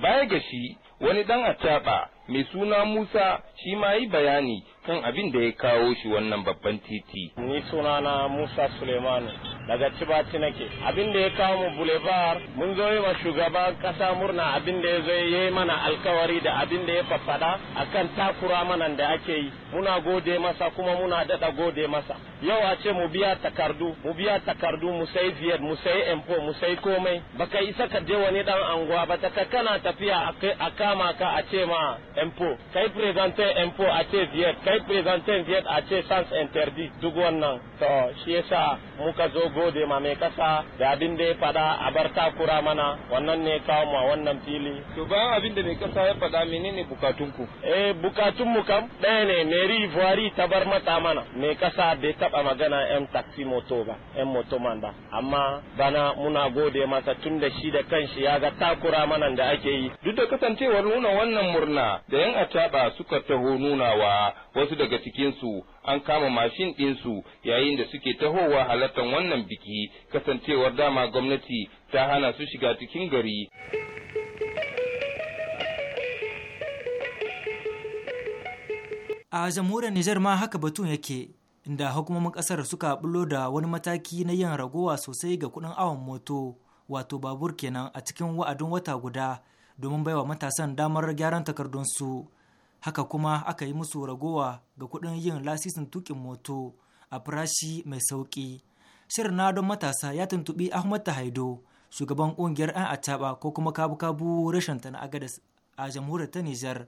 baya ga shi wani dan accaɓa mai suna musa shi ma yi bayani kan abin da ya kawo shi wannan babban titi. Ni sunana Musa Suleimanu daga Cibaci nake. Abin da ya kawo mu Boulevard mun zo yi wa shugaban kasa murna abin da ya zo ya mana alkawari da abin da ya faffada kan takura manan da ake yi. Muna gode masa kuma muna daɗa gode masa. Yau a ce mu biya takardu, mu biya takardu mu sai viyar, mu sai empo, mu sai komai. Baka isa ka je wani dan anguwa ba ta kana tafiya a kama ka a ce ma empo. Kai presenter empo a ce viyar, yi un viet a ce sans interdit duk wannan to shi yasa muka zo gode ma me kasa da abin da ya fada a bar takura mana wannan ne kawo ma wannan fili to ba abin da me kasa ya fada menene ku eh bukatun mu kam ɗaya ne meri ivory ta bar mata mana mai kasa bai taba magana yan taxi moto ba yan moto man ba amma bana muna gode masa tun da shi da kanshi ya ga takura mana da ake yi duk da kasancewar nuna wannan murna da yan ataba suka taho nunawa wasu daga cikinsu an kama mashin ɗinsu yayin da suke tahowa halartar wannan biki kasancewar dama gwamnati ta hana su shiga cikin gari. A jamhuriyar Nijar ma haka batun yake, inda hukumomin kasar suka bullo da wani mataki na yin ragowa sosai ga kuɗin awon moto, wato babur kenan a cikin wa'adin wata guda, domin baiwa matasan damar gyaran takardunsu. haka kuma aka yi musu ragowa ga kuɗin yin lasisin tukin moto a farashi mai sauƙi shirin na don matasa ya tuntuɓi ahmad tahaido shugaban ƙungiyar 'yan ataba ko kuma kabu-kabu rashin ta na agadas a jamhuriyar ta nijar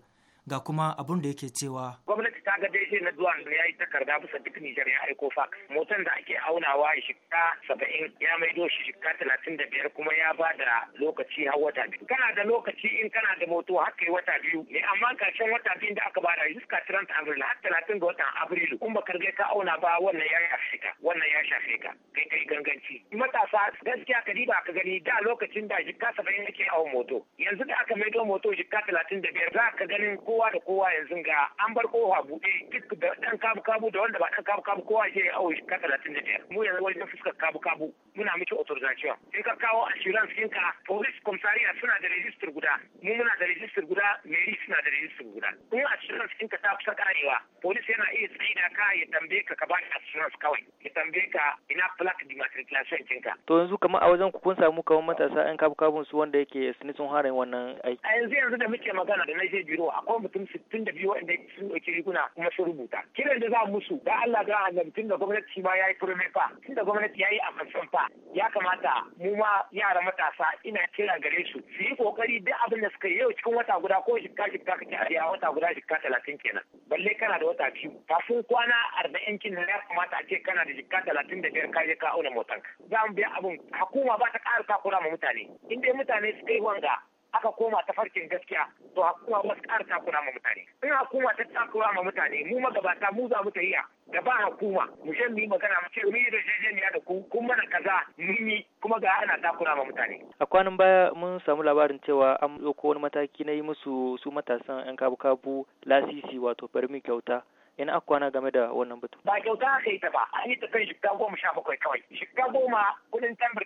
ga kuma abun da yake cewa. Gwamnati ta ga daidai na duwan ya yi takarda bisa duk Nijar ya aiko fax. Motan da ake aunawa ya shika saba'in ya maido shi shika talatin da biyar kuma ya ba da lokaci har wata biyu. Kana da lokaci in kana da moto har kai wata biyu ne amma karshen wata biyu da aka bada iska tiran Abril har talatin da watan Abrilu kun ba karge ka auna ba wannan ya shafe ka wannan ya shafe ka kai kai ganganci. Matasa gaskiya ka diba ka gani da lokacin da shika saba'in ake awon moto yanzu da aka maido moto shika talatin da biyar za ka ganin ko kowa da kowa yanzu ga an bar kowa buɗe duk da ɗan kabu kabu da wanda ba ɗan kabu kabu kowa ke awo ka talatin da biyar mu yanzu wajen fuskar kabu kabu muna miki authorization in ka kawo assurance in ka police commissariat suna da register guda mu muna da register guda meri suna da register guda in assurance in ka ta kusa karewa police yana iya da ka ya tambaye ka ka ba assurance kawai ya tambaye ka ina plaque matriculation ka. to yanzu kamar a wajen ku kun samu kamar matasa 'yan kabu kabun su wanda yake sun sun harin wannan aiki. a yanzu yanzu da muke magana da na je biro akwai mutum sittin da biyu wanda sun ɗauki riguna kuma sun rubuta kiran da za musu da Allah ga annabi tun da gwamnati ma yayi furme fa tun da gwamnati yayi a fansan fa ya kamata mu ma yara matasa ina kira gare su su yi kokari duk abin da suka yi yau cikin wata guda ko shikka shikka kake a wata guda shikka talatin kenan balle kana da wata biyu kafin kwana arba'in kin ya kamata a ce kana da shikka talatin da biyar kaje ka auna motanka za mu biya abin Hakuma ba ta ƙara takura ma mutane in dai mutane suka yi wanga aka koma ta farkin gaskiya to hakuma wasu ƙara takura ma mutane in hukuma ta takura ma mutane mu magabata mu za mu ta iya da ba hukuma mu shan mu yi magana mu ce mu yi yarjejeniya da ku kun mana kaza mun yi kuma ga ana takura ma mutane. A kwanan baya mun samu labarin cewa an ɗauko wani mataki na yi musu su matasan 'yan kabu-kabu lasisi wato farmi kyauta ina kwana game da wannan batu. Ba kyauta aka yi ta ba, an yi ta kan shiga goma sha bakwai kawai. Shiga goma kudin tambar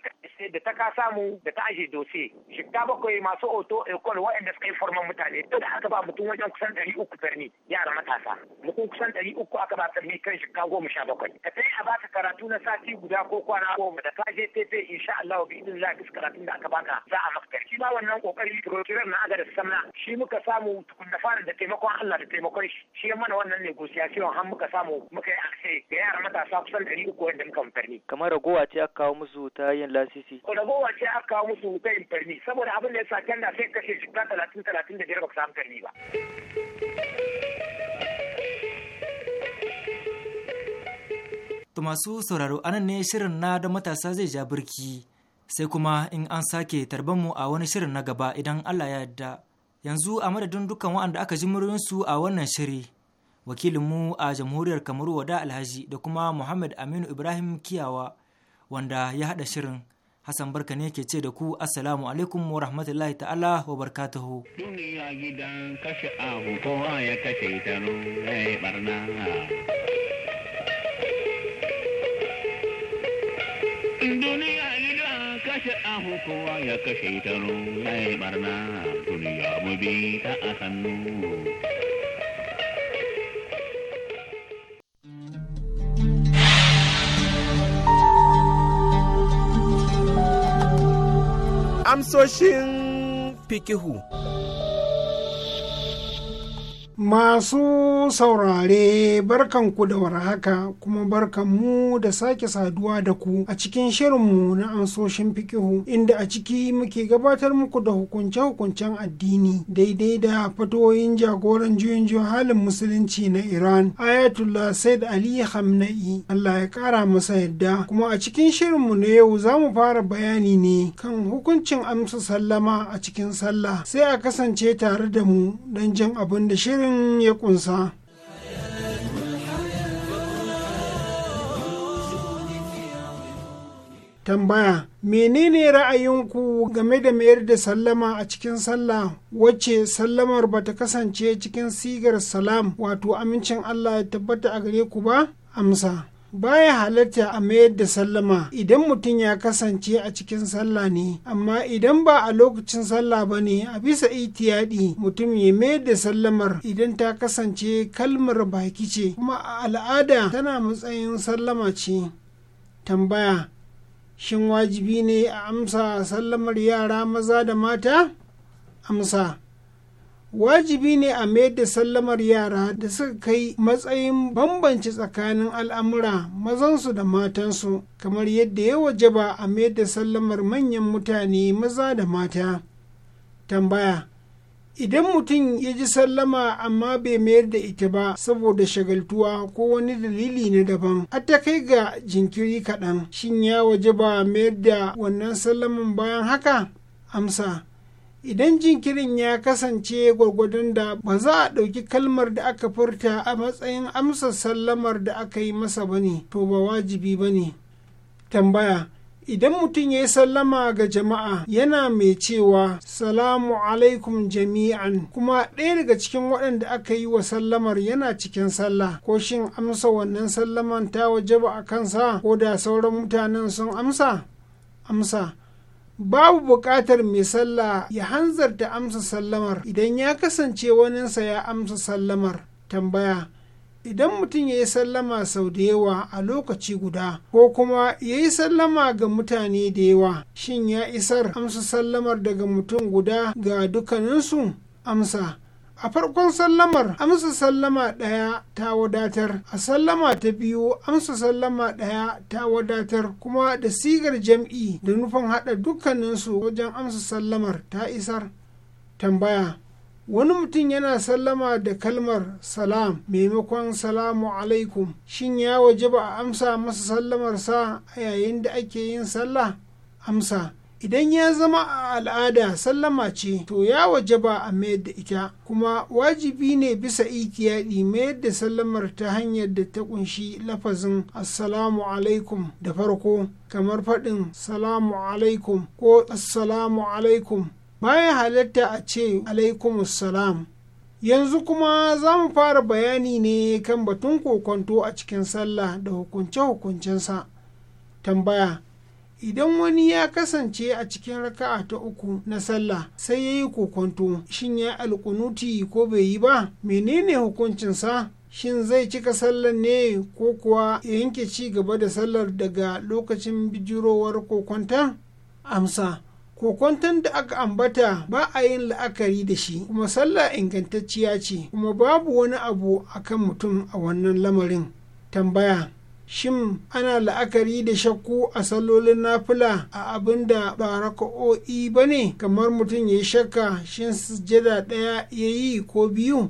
da ta ka samu da ta aje dose. Shiga bakwai masu auto ekol waɗanda suka yi forman mutane. Da aka ba mutum wajen kusan ɗari uku birni yara matasa. Mutum kusan ɗari uku aka ba birni kan shiga goma sha bakwai. Ka tai a ba ka karatu na sati guda ko kwana goma da ka je tefe insha Allah bi idin lafis karatun da aka baka za a maka. Shi ba wannan kokari kiran na aga da samna shi muka samu tukun da fara da taimakon Allah da taimakon shi. Shi mana wannan ne gusiya. association har muka samu muka yi akse ga yara matasa kusan ɗari uku wanda muka farni. Kamar ragowa ce aka kawo musu ta yin lasisi. Ragowa ce aka kawo musu ta yin farni saboda abin da ya sa canna sai kashe shi talatin talatin da biyar ba ku samu farni ba. To masu sauraro anan ne shirin na da matasa zai ja birki sai kuma in an sake mu a wani shirin na gaba idan Allah ya yarda. Yanzu a madadin dukkan waɗanda aka ji muryoyinsu a wannan shiri wakilinmu a jamhuriyar kamaru wada alhaji da kuma muhammad aminu ibrahim kiyawa wanda ya haɗa shirin Hassan barka ne ke ce da ku assalamu alaikum wa rahmatullahi ta'ala wa barakatuhu. Duniya gidan kashe ahu kowa ya kashe ta ruwai ya barna. Duniya mu bi ta a hannu amsoshin fikihu. Masu saurare barkan ku da warhaka kuma mu da sake saduwa da ku a cikin shirinmu na amsoshin fikihu inda a ciki muke gabatar muku da hukunce-hukuncen addini daidai da fatoyin jagoran juyin halin musulunci na Iran Ayatullah Said Ali Hamna'i Allah ya kara masa yadda kuma a cikin shirinmu na yau za mu fara bayani ne kan hukuncin amsa sallama a cikin sallah sai a kasance tare da mu don jin abin da shirin shirin ya kunsa. Tambaya menene ra'ayinku game da mayar da sallama a cikin sallah wacce sallamar ba ta kasance cikin sigar salam wato amincin Allah ya tabbata a gare ku ba? Amsa. baya halatta a mayar da sallama idan mutum ya kasance a cikin sallah ne amma idan ba a lokacin sallah ba ne a bisa itiyadi mutum ya mayar da sallamar idan ta kasance kalmar baki ce kuma a al'ada tana matsayin sallama ce tambaya shin wajibi ne a amsa sallamar yara maza da mata amsa wajibi ne a mayar da sallamar yara da suka kai matsayin bambanci tsakanin al'amura mazansu da matansu kamar yadda ya wajaba a mayar da sallamar manyan mutane maza da mata tambaya idan mutum ya ji sallama amma bai mayar da ita ba saboda shagaltuwa ko wani dalili na daban a ta kai ga jinkiri kaɗan shin ya waje ba mayar da wannan sallaman bayan haka amsa idan jinkirin ya kasance gwargwadon da ba za a ɗauki kalmar da aka furta a matsayin amsa sallamar da aka yi masa bane to ba wajibi bane tambaya idan mutum ya yi sallama ga jama'a yana mai cewa salamu alaikum jami'an kuma ɗaya daga cikin waɗanda aka yi wa sallamar yana cikin sallah ko shin amsa wannan sallaman ta wajaba a kansa ko da sauran mutanen sun amsa amsa babu buƙatar mai sallah ya hanzarta amsa sallamar idan ya kasance waninsa ya amsa sallamar tambaya idan mutum ya yi sallama sau da yawa a lokaci guda ko kuma ya yi sallama ga mutane da yawa shin ya isar amsa sallamar daga mutum guda ga dukkaninsu amsa a farkon sallamar amsa sallama ɗaya ta wadatar a sallama ta biyu amsa sallama ɗaya ta wadatar kuma da sigar jam'i da nufin haɗa dukkaninsu wajen amsa sallamar ta isar tambaya wani mutum yana sallama da kalmar salam maimakon salamu alaikum shin ya waje ba a amsa masa sallamar sa a yayin da ake yin sallah amsa idan ya zama a al'ada sallama ce to ya wajaba a mayar da ita kuma wajibi ne bisa ikiyaɗi mayar da sallamar ta hanyar da ta kunshi lafazin assalamu alaikum da farko kamar faɗin salamu alaikum ko assalamu alaikum bayan halatta a ce salam yanzu kuma za mu fara bayani ne kan batun kokonto a cikin sallah da hukunce-hukuncensa tambaya idan wani ya kasance a cikin raka'a ta uku na sallah sai ya yi kokonto shin ya alkunuti ko bai yi ba menene hukuncinsa shin zai cika sallar ne ko kuwa ya yanke ci gaba da sallar daga lokacin bijirowar kokonta amsa kokonton da aka ambata ba a yin la'akari da shi kuma sallah ingantacciya ce kuma babu wani abu akan mutum a wannan lamarin tambaya shin ana la'akari da shakku a salolin nafila a abin da ba raka'o'i ba ne kamar mutum ya yi shakka shin sujada ɗaya ya yi ko biyu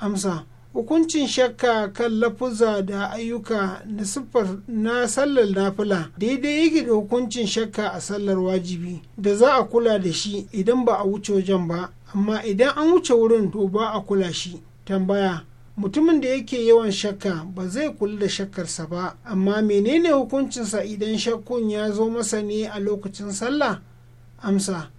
amsa hukuncin shakka kan lafuza da ayyuka na siffar na sallar nafila daidai yake da hukuncin shakka a sallar wajibi da za a kula da shi idan ba a wuce wajen ba amma idan an wuce wurin to ba a kula shi tambaya mutumin da yake yawan shakka ba zai kula da shakkarsa ba amma menene hukuncinsa idan shakkun ya zo masa ne a lokacin sallah amsa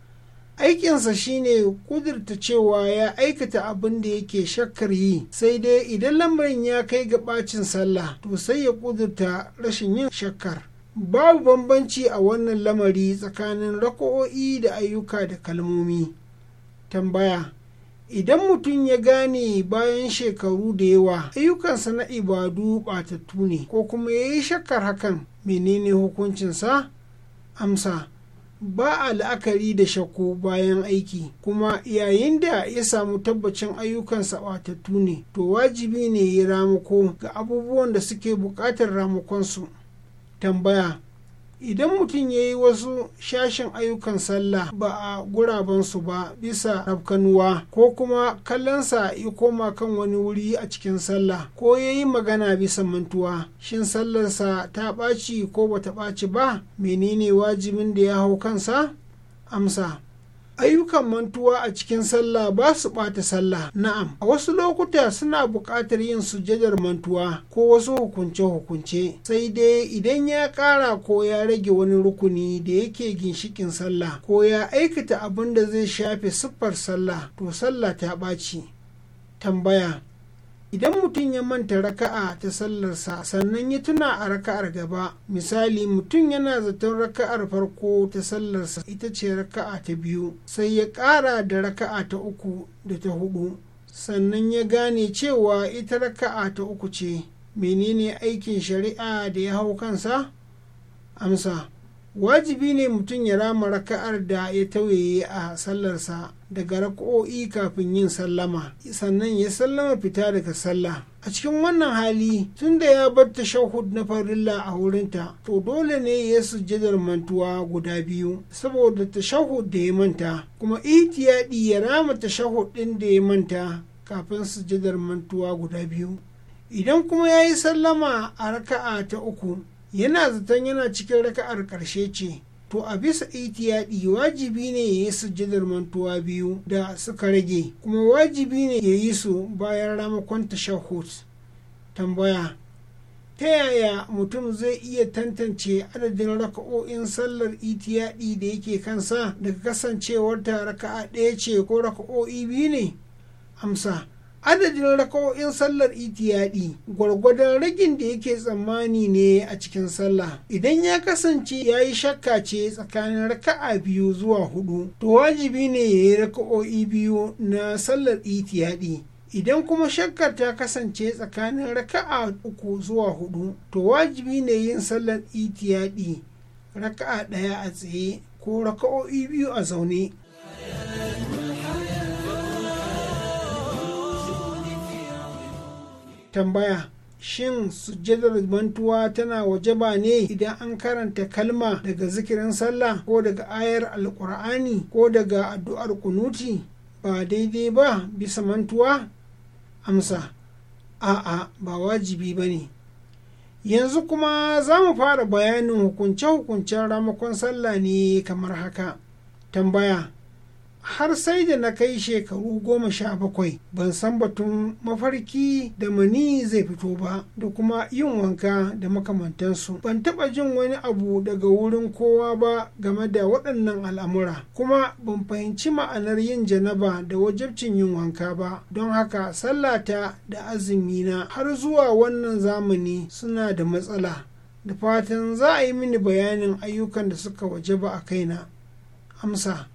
aikinsa shine kudurta cewa ya aikata abin da yake shakkar yi sai dai idan lamarin ya kai ga bacin sallah to sai ya kudurta rashin yin shakkar babu bambanci a wannan lamari tsakanin rako'o'i da ayyuka da kalmomi tambaya idan mutum ya gane bayan shekaru da yawa ayyukansa na ibadu batattu ne ko kuma ya yi shakkar hakan menene hukuncinsa amsa ba a la'akari da shakku bayan aiki kuma yayin da ya samu tabbacin ayyukansa batattu ne to wajibi ne ya ramako ga abubuwan da suke buƙatar ramakonsu tambaya idan mutum ya yi wasu shashin ayyukan sallah ba a guraben su ba bisa rafkanuwa ko kuma kallonsa ya koma kan wani wuri a cikin sallah ko ya yi magana bisa mantuwa shin sallarsa ta ɓaci ko bata ɓaci ba menene wajibin da ya hau kansa amsa ayyukan mantuwa a cikin sallah ba su bata sallah na'am a wasu lokuta suna buƙatar yin sujadar mantuwa ko wasu hukunce-hukunce sai dai idan ya ƙara ko ya rage wani rukuni da yake ginshikin sallah ko ya aikata abin da zai shafe siffar sallah to sallah ta ɓaci tambaya idan mutum ya manta raka'a ta sallarsa sannan ya tuna a raka'ar gaba misali mutum yana zaton raka'ar farko ta sallarsa ita ce raka'a ta biyu sai ya ƙara da raka'a ta uku da ta hudu sannan ya gane cewa ita raka'a ta uku ce menene aikin shari'a da ya hau kansa amsa wajibi ne mutum ya rama raka'ar da ya tauye a sallarsa daga raka'o'i kafin yin sallama sannan ya sallama fita daga sallah a cikin wannan hali tun da ya bar ta shahud na farilla a wurinta to dole ne ya sujjadar mantuwa guda biyu saboda ta shahud da ya manta kuma itiyadi ya rama ta shahud din da ya manta kafin sujjadar mantuwa guda biyu idan kuma ya yi sallama a raka'a ta uku yana zaton yana cikin raka'ar ƙarshe ce to a bisa itiyaɗi wajibi ne ya yi sujjadar mantuwa biyu da suka rage kuma wajibi ne ya yi su bayan ramakon tashahud tambaya ta yaya mutum zai iya tantance adadin raka'o'in sallar itiyaɗi da yake kansa daga kasancewarta raka'a ɗaya ce ko raka'o'i biyu ne amsa adadin raka'o'in sallar itiyadi gwargwadon ragin da yake tsammani ne a cikin sallah idan ya kasance ya yi shakka ce tsakanin raka'a biyu zuwa hudu to wajibi ne ya yi raka'o'i biyu na sallar itiyadi idan kuma shakkar ta kasance tsakanin raka'a uku zuwa hudu to wajibi ne yin sallar itiyadi raka'a ɗaya a tsaye ko raka'o'i biyu a zaune tambaya shin sujjadar mantuwa tana wajaba ne idan an karanta kalma daga zikirin sallah ko daga ayar alkur'ani ko daga addu'ar kunuti ba daidai ba bisa mantuwa amsa a'a ba wajibi ba ne yanzu kuma za mu fara bayanin hukunce-hukuncen ramakon sallah ne kamar haka tambaya har sai da na kai shekaru goma sha bakwai ban san batun mafarki da mani zai fito ba da kuma yin wanka da makamantansu ban taba jin wani abu daga wurin kowa ba game da waɗannan al'amura kuma ban fahimci ma'anar yin janaba da wajabcin yin wanka ba don haka sallata da azumi na. har zuwa wannan zamani suna da matsala da fatan za a yi mini bayanin ayyukan da suka wajaba a kaina amsa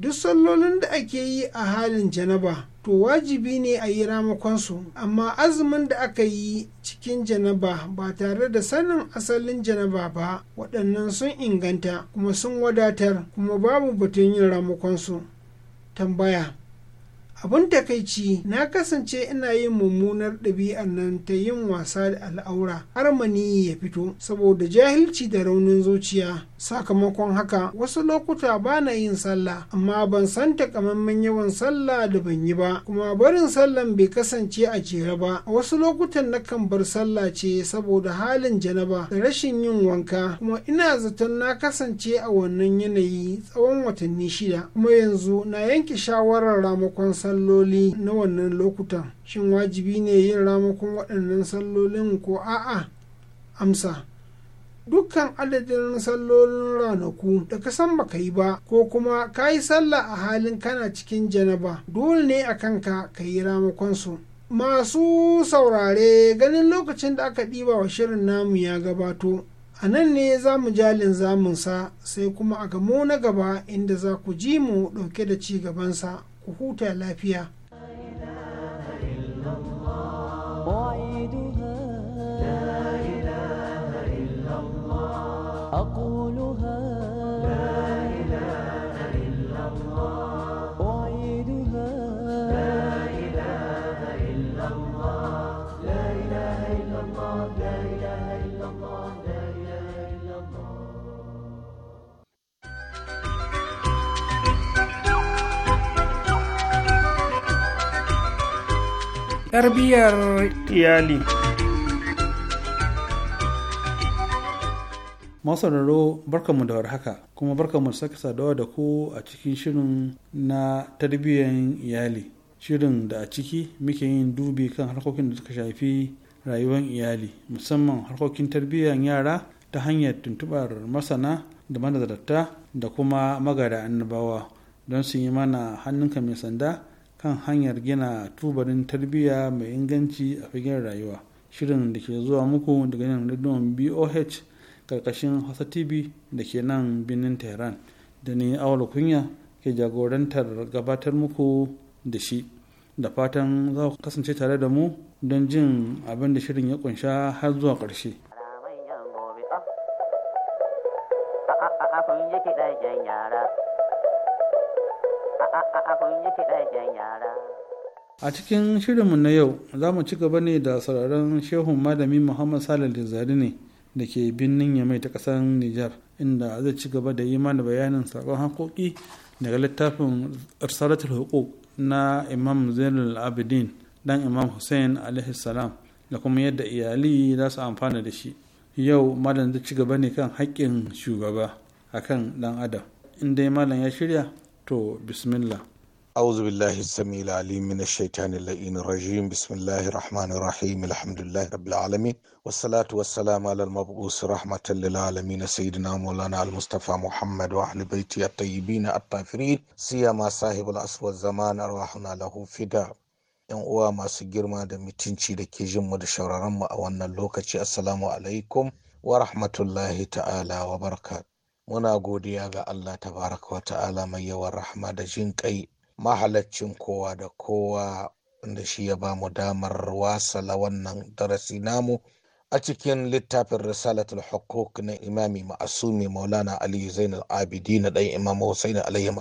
duk sallolin da ake yi a halin janaba to wajibi ne a yi ramakonsu amma azumin da aka yi cikin janaba ba tare da sanin asalin janaba ba waɗannan sun inganta kuma sun wadatar kuma babu batun yin ramakonsu tambaya abun takaici na kasance ina yin mummunar ɗabi'ar nan ta yin wasa da al'aura har mani ya fito saboda jahilci da raunin zuciya sakamakon haka wasu lokuta ba na yin sallah amma ban san takamaiman yawan sallah da ban yi ba kuma barin sallan bai kasance a jere ba a wasu lokutan kan bar sallah ce saboda halin janaba da rashin yin wanka kuma ina zaton na kasance a wannan yanayi tsawon watanni shida kuma yanzu na yanke shawarar ramakon sallah salloli na wannan lokutan shin wajibi ne yin ramakon waɗannan sallolin ko a'a amsa dukkan adadin sallolin ranaku da ka san baka yi ba ko kuma ka yi sallah a halin kana cikin janaba dole ne a kanka ka yi ramakonsu masu saurare ganin lokacin da aka ɗiba wa shirin namu ya gabato a nan ne za mu jalin zamunsa sai kuma a gamo na gaba inda za ku ji mu ɗauke da ci gabansa ku huta lafiya أقولها tarbiyyar iyali masararo barkanmu da haka" kuma barkanmu saka sadawa da ku a cikin shirin na tarbiyyar iyali shirin da a ciki muke yin dubi kan harkokin da suka shafi rayuwar iyali musamman harkokin tarbiyyar yara ta hanyar tuntubar masana da manazarta da kuma magada annabawa don su yi mana hannunka mai sanda kan hanyar gina tubarin tarbiyya mai inganci a fagen rayuwa shirin da ke zuwa muku daga yanar rediyon boh karkashin hausa tv da ke nan birnin tehran da ni awal kunya ke jagorantar gabatar muku da shi da fatan za ku kasance tare da mu don jin abin da shirin ya kunsha har zuwa ƙarshe. yake ah, ah, ah, yara A cikin shirinmu na yau za mu ci gaba ne da sauraron shehu Madami Muhammad Salih Zari ne da ke birnin Yamai ta ƙasar Nijar inda zai ci gaba da yi mana bayanin sakon haƙoƙi daga littafin Risalatul Hukuk na Imam Zainul Abidin dan Imam Hussein alaihi da kuma yadda iyali za su amfana da shi. Yau malam zai ci gaba ne kan haƙƙin shugaba akan ɗan adam. In dai malam ya shirya to bismillah أعوذ بالله السميع العليم من الشيطان اللئيم الرجيم بسم الله الرحمن الرحيم الحمد لله رب العالمين والصلاة والسلام على المبعوث رحمة للعالمين سيدنا مولانا المصطفى محمد وأهل بيته الطيبين الطاهرين سيما صاحب العصر والزمان أرواحنا له فداء yan uwa masu girma da mutunci da ke jin mu da shauraron mu a wannan lokaci assalamu alaikum wa rahmatullahi ta'ala wa barakatuh muna godiya ga Allah tabaraka wa ta'ala mai yawan rahma da jin kai mahalaccin kowa da kowa wanda shi ya bamu damar wasala wannan darasi namu a cikin littafin risalatul hukuk na imami ma'asumi maulana aliyu zainal abidi na ɗan imam hussein alayhi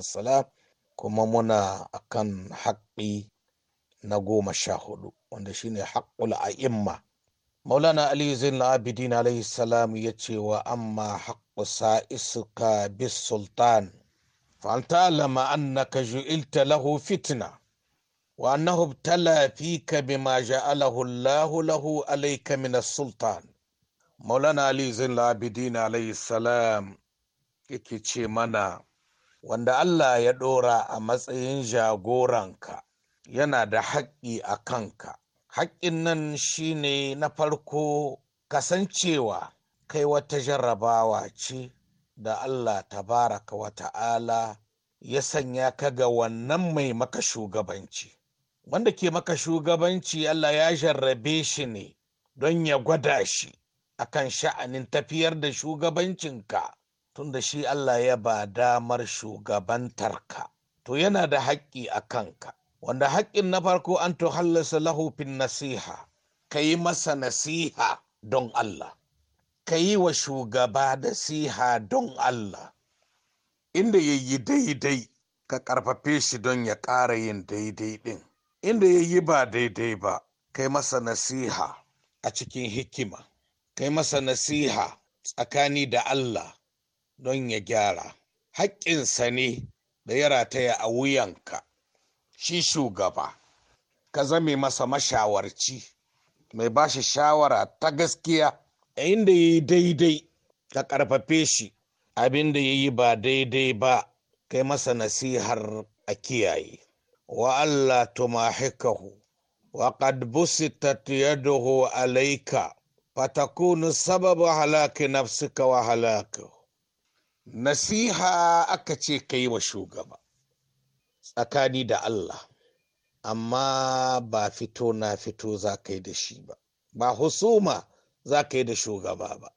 kuma muna akan haƙƙi na goma sha hudu wanda shine haƙƙul a'imma maulana aliyu zainal abidi na alayhi salam ya ce wa amma haƙ usaisuka bisultan fantalama annaka ju'ilta lahu fitna wa annahu ibtala fika bima ja'alahu Allah lahu alayka min as-sultan maulana ali zain labidin alayhi salam yake ce mana wanda Allah ya ɗora a matsayin jagoranka yana da haƙƙi a kanka haƙƙin nan shine na farko kasancewa kai wata jarrabawa ce da Allah tabaraka wa ta'ala ya sanya ka ga wannan mai maka shugabanci wanda ke maka shugabanci Allah ya jarrabe shi ne don ya gwada shi akan sha'anin tafiyar da shugabancinka tunda shi Allah ya ba damar shugabantarka to yana da haƙƙi a kanka wanda haƙƙin na farko an to hallasa lahu fin nasiha ka yi masa nasiha don Allah ka yi wa shugaba nasiha don Allah, inda ya yi daidai ka ƙarfafe shi don ya ƙara yin daidai ɗin, inda ya yi ba daidai ba, kai masa nasiha a cikin hikima, kai masa nasiha tsakani da Allah don ya gyara. Haƙƙinsa ne da ya rataya a wuyanka, shi shugaba, ka zame masa mashawarci, mai ba shi shawara ta gaskiya. yayin da ya yi daidai ka karfafe shi abin da ya yi ba daidai ba kai masa nasihar a kiyaye wa Allah tumahikahu wa qad busitat yaduhu alayka fatakunu sababu halaki nafsika wa halaki nasiha aka ce kai wa shugaba tsakani da Allah amma ba fito na fito za ka yi da shi ba ba husuma za ka yi da shugaba ba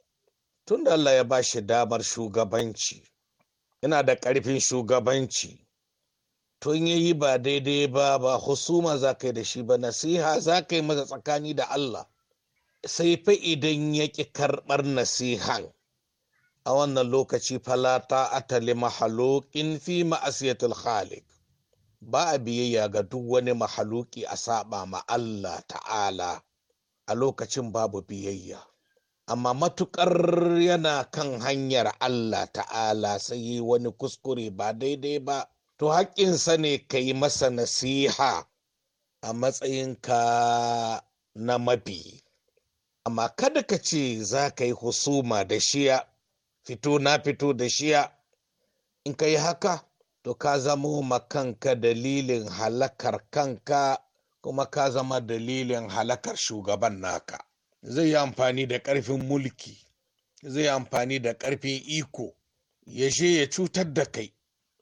tun da Allah ya ba shi damar shugabanci yana da ƙarfin shugabanci tun ya yi ba daidai ba ba husuma za ka yi da shi ba nasiha za ka yi masa tsakani da Allah sai fa idan ya ƙi karɓar nasihan a wannan lokaci falata atali mahalokin fi ma'asiyatul khaliq ba a biyayya ga duk wani mahaluki a saba ma Allah ta'ala a lokacin babu biyayya amma matukar yana kan hanyar Allah ta'ala sai yi wani kuskure ba daidai ba to haƙƙinsa ne ka yi masa nasiha a matsayinka na mabi amma kada ka ce za ka yi husuma da shiya fito na fito da shiya in ka yi haka to ka zamo makanka dalilin halakar kanka kuma ka zama dalilin halakar shugaban naka zai yi amfani da ƙarfin mulki zai yi amfani da ƙarfin iko ya je ya cutar da kai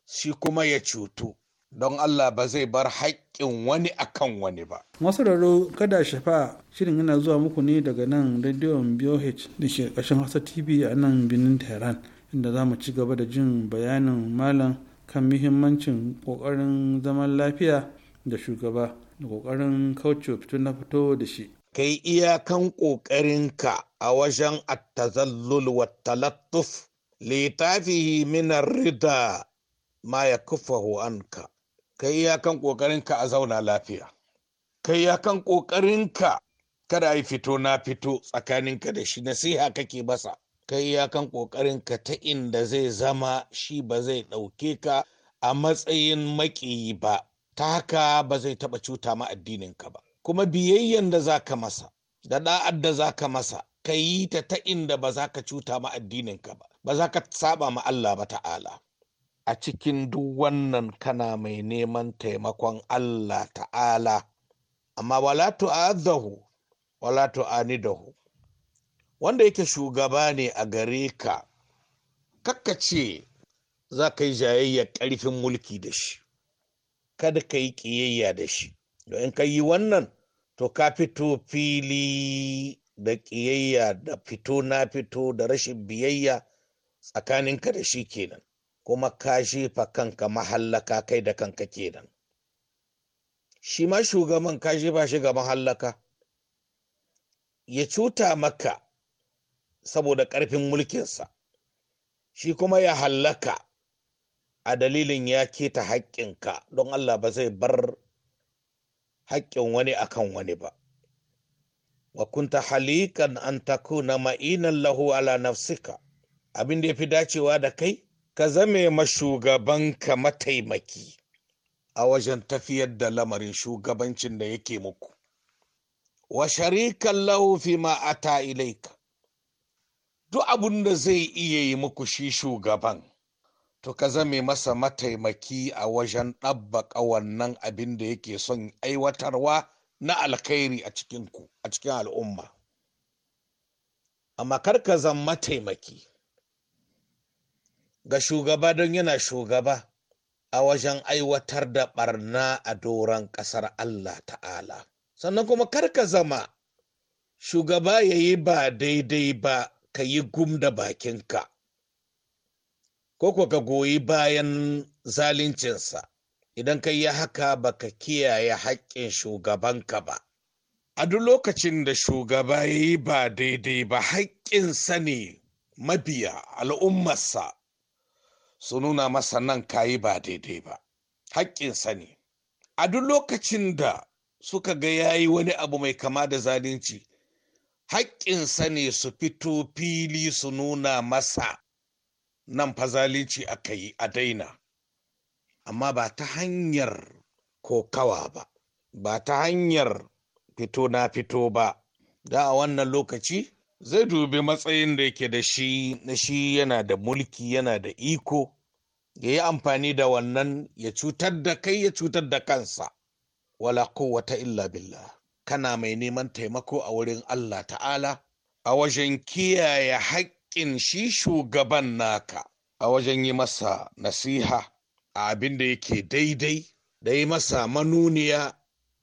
shi kuma ya cuto. don Allah ba zai bar haƙƙin wani akan wani ba. Masu raro kada shafa shirin yana zuwa muku ne daga nan rediyon BOH da ke ƙarshen Hausa TV a nan birnin Tehran inda za mu ci gaba da jin bayanin malam kan muhimmancin ƙoƙarin zaman lafiya da shugaba da kokarin kaucewa fito na fito da shi kai iyakan ƙoƙarinka a wajen attazallul wa talattuf litafihi minar rida ma ya kufahu anka kai iyakan ƙoƙarinka a zauna lafiya kai iyakan ƙoƙarinka kada a yi fito na fito tsakaninka da shi nasiha kake basa kai iyakan ƙoƙarinka ta inda zai zama shi ba zai ɗauke ka a matsayin maƙiyi ba ta haka ba zai taɓa cuta ma addininka ba kuma biyayyan da za ka masa da da'ad da za ka masa ka yi ta ta inda ba za ka cuta ma addininka ba ba za ka saba ma Allah ba ta'ala a cikin duk wannan kana mai neman taimakon Allah ta'ala amma wala tu'adhahu wala tu'anidahu wanda yake shugaba ne a gare ka kakka ce za ka yi jayayyar ƙarfin mulki da shi kada ka yi ƙiyayya da shi in ka yi wannan to ka fito fili da ƙiyayya da fito na fito da rashin biyayya tsakaninka da shi kenan kuma ka jefa kanka mahallaka kai da kanka kenan shi ma shugaban ka jefa shi ga mahallaka ya cuta maka saboda ƙarfin mulkinsa shi kuma ya hallaka a dalilin ya keta haƙƙinka don Allah ba zai bar haƙƙin wani akan wani ba wa kunta halikan an na ma'inan lahu ala nafsika abin da ya fi dacewa da kai ka zame mashugabanka mataimaki a wajen tafiyar da lamarin shugabancin da yake muku wa sharikan lahu fi ma ata ilaika duk abin da zai iya yi muku shi shugaban to ka zame masa mataimaki a wajen ɗabbaƙa wannan abin da yake son aiwatarwa na alkhairi a cikinku a cikin al'umma amma kar ka zama mataimaki ga shugaba don yana shugaba a wajen aiwatar da ɓarna a doron ƙasar Allah ta'ala sannan kuma kar ka zama shugaba ya yi ba daidai ba ka yi gum bakinka ko kuwa ka goyi bayan zaluncinsa idan ka yi haka ka kiyaye haƙƙin shugabanka ba a duk lokacin da shugaba ya yi ba daidai ba haƙƙinsa ne mabiya al'ummarsa su nuna masa nan kayi ba daidai ba haƙƙinsa ne a duk lokacin da suka ga ya yi wani abu mai kama da zalunci haƙƙinsa ne su fito fili su nuna masa nan fazalici aka yi a daina amma ba ta hanyar kokawa ba ba ta hanyar fito na fito ba da a wannan lokaci zai dubi matsayin da yake da shi na shi yana da mulki yana da iko ya yi amfani da wannan ya cutar da kai ya cutar da kansa wala kowata illa billah kana mai neman taimako a wurin allah ta'ala a wajen kiyaye haƙƙi haƙƙin shi shugaban naka a wajen yi masa nasiha a abin da yake daidai da yi masa manuniya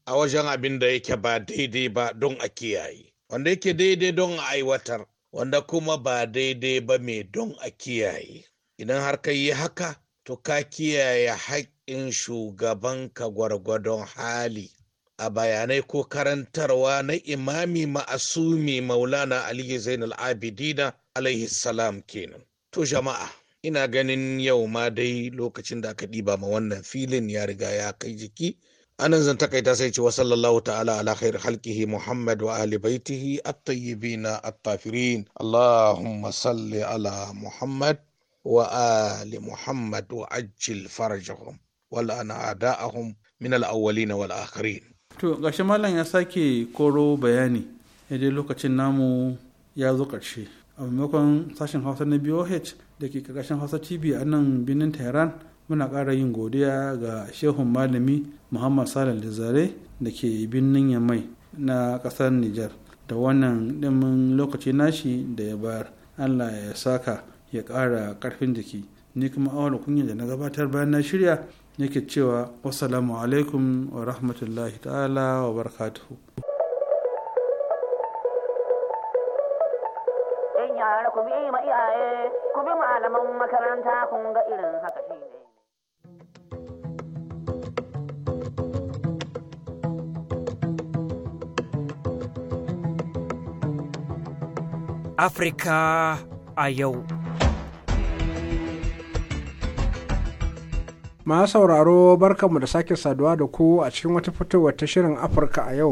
a wajen abin da yake ba daidai ba don a kiyaye wanda yake daidai don a aiwatar wanda kuma ba daidai ba mai don a kiyaye idan har ka yi haka to ka kiyaye haƙƙin shugaban ka gwargwadon hali a bayanai ko karantarwa na imami ma'asumi maulana aliyu zainal abidina alaihi salam kenan to jama'a ina ganin yau ma dai lokacin da aka ɗiba ma wannan filin ya riga ya kai jiki anan zan takaita sai ce wa sallallahu ta'ala ala khair halkihi muhammad wa ahli baitihi at-tayyibina at-tafirin allahumma salli ala muhammad wa ali muhammad wa ajil farajahum wal ana a'da'ahum min al-awwalin wal akhirin to gashi mallan ya sake koro bayani idan lokacin namu ya zo ƙarshe a maimakon sashen hausa na boh da ke kakashin hausa tv a nan birnin tehran muna ƙara yin godiya ga shehun malami muhammad salal da zare da ke birnin yamai na ƙasar nijar da wannan ɗimin lokaci nashi da ya bayar allah ya saka ya ƙara ƙarfin jiki ni kuma awon kunya da na gabatar bayan na shirya nake cewa wassalamu alaikum wa rahmatullahi ta'ala wa barakatuhu malaman makaranta kun ga irin haka shi ne. Afirka a yau. Ma sauraro barkanmu da sake saduwa da ku a cikin wata fitowar ta shirin Afirka a yau.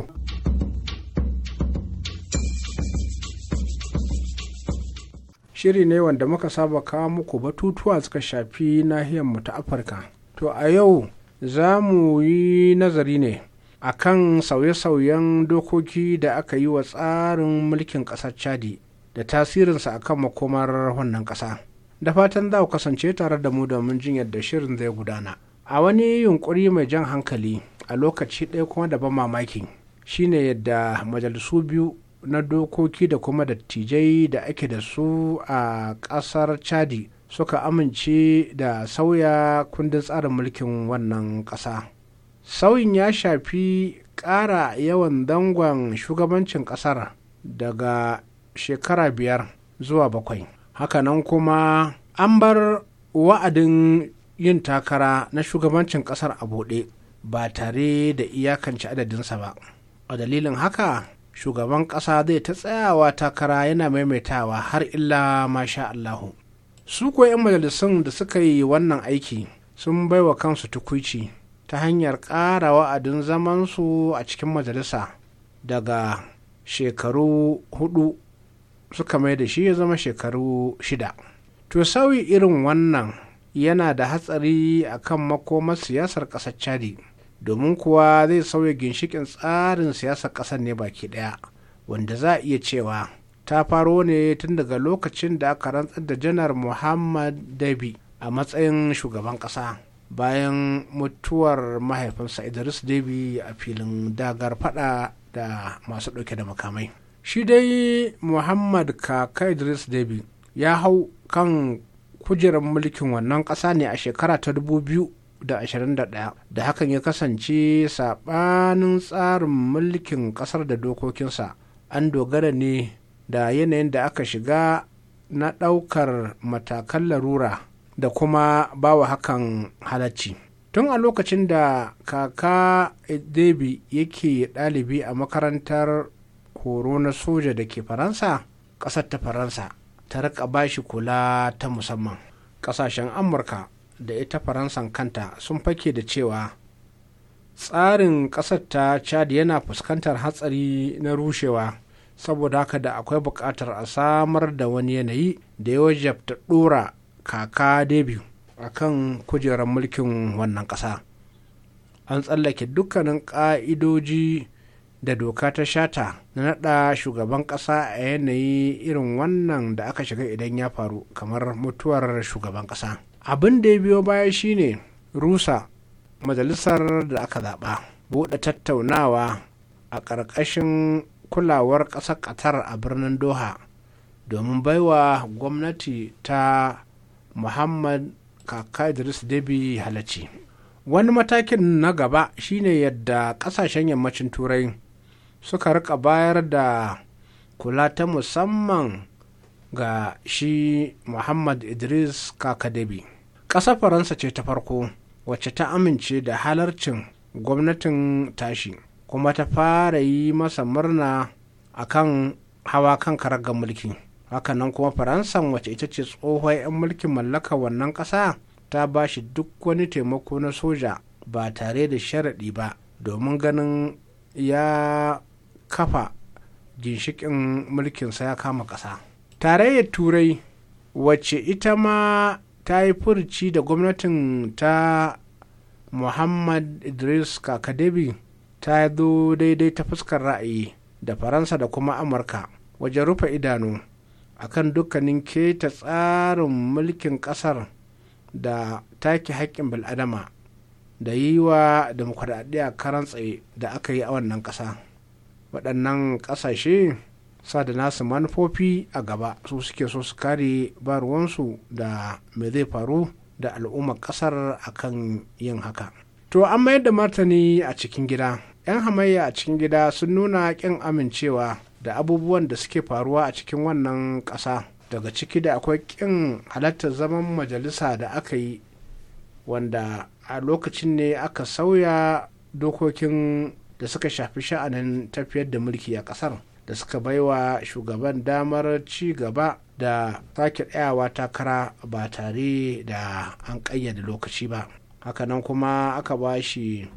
shiri ne wanda muka saba kawo muku batutuwa suka shafi nahiyar mu ta afirka to a yau za mu yi nazari ne a kan sauye-sauyen dokoki da aka yi wa tsarin mulkin ƙasar chadi da tasirinsa a kan makomar wannan ƙasa da fatan za ku kasance tare da mu domin jin yadda shirin zai gudana a wani yunkuri mai jan hankali a lokaci ɗaya kuma da ban mamaki shine yadda majalisu biyu na dokoki da kuma dattijai da ake da su a ƙasar chadi suka amince da sauya kundin tsarin mulkin wannan ƙasa sauyin ya shafi ƙara yawan dangon shugabancin ƙasar daga shekara biyar zuwa bakwai hakanan kuma an bar wa'adin yin takara na shugabancin ƙasar a buɗe ba tare da iyakance adadinsa ba a dalilin haka shugaban ƙasa zai ta tsayawa takara yana maimaitawa har illa masha Allahu. Su kuwa 'yan majalisun da suka yi wannan aiki sun baiwa kansu tukuici ta hanyar ƙara wa'adin zamansu a cikin majalisa daga shekaru hudu suka mai da shi ya zama shekaru shida. To sauyi irin wannan yana da hatsari a kan makomar siyasar ƙasar Chadi. domin kuwa zai sauya ginshikin tsarin siyasar ƙasar ne baki ɗaya wanda za a iya cewa ta faro ne tun daga lokacin da aka rantsar da janar muhammad dabi a matsayin shugaban ƙasa bayan mutuwar mahaifinsa idris dabi a filin dagar fada da masu ɗauke da makamai shi dai muhammad kaka idris dabi ya hau kan kujerar mulkin wannan ƙasa ne a shekara ta 2000 da hakan ya kasance saɓanin tsarin mulkin ƙasar da dokokinsa an dogara ne da yanayin da aka shiga na ɗaukar matakan larura da kuma bawa hakan halacci tun a lokacin da kaka debi yake ɗalibi a makarantar horo na soja da ke faransa ƙasar ta faransa ta rika bashi kula ta musamman ƙasashen amurka da ita faransan kanta sun fake da cewa tsarin ƙasar ta chad yana fuskantar hatsari na rushewa saboda haka da akwai buƙatar a samar da wani yanayi da ya wajabta ɗora kaka debiu a kan kujerar mulkin wannan ƙasa an tsallake dukkanin ƙa'idoji da doka ta shata na naɗa shugaban ƙasa a yanayi irin wannan da aka shiga idan ya faru kamar mutuwar shugaban ƙasa abin da ya biyo baya shine rusa majalisar da aka zaɓa buɗe tattaunawa a ƙarƙashin kulawar ƙasar ƙatar a birnin doha domin baiwa gwamnati ta muhammad kaka idris debi halacci wani matakin na gaba shine yadda ƙasashen yammacin turai suka rika bayar da kula ta musamman ga shi muhammad idris kaka debi Ƙasa faransa ce ta farko wacce ta amince da halarcin gwamnatin tashi kuma ta fara yi masa murna akan hawa kan karagar mulki hakanan kuma faransan wacce ita ce tsohon 'yan mulkin mallaka wannan ƙasa ta ba shi duk wani taimako na soja ba tare da sharaɗi ba domin ganin ya kafa ginshikin mulkinsa ya kama ƙasa tarayyar turai wacce ita ma ta yi furci da gwamnatin ta muhammad idris kakadebi ta zo daidai ta fuskar ra'ayi da faransa da kuma amurka wajen rufe idanu akan dukkanin keta tsarin mulkin kasar da take haƙƙin bil'adama da yi wa dimokuraɗiyya karan tsaye da aka yi a wannan ƙasa waɗannan ƙasashe sa da nasu manufofi a gaba su suke so su kare ba da me zai faru da al'ummar kasar akan yin haka to an mayar da martani a cikin gida 'yan hamayya a cikin gida sun nuna ƙin amincewa da abubuwan da suke faruwa a cikin wannan ƙasa daga ciki da akwai ƙin halartar zaman majalisa da aka yi wanda a lokacin ne aka sauya dokokin da suka shafi sha'anin tafiyar da mulki a ƙasar da suka baiwa shugaban damar ci gaba da sake tsayawa takara ba tare da an ƙayyade lokaci ba hakanan kuma aka ba shi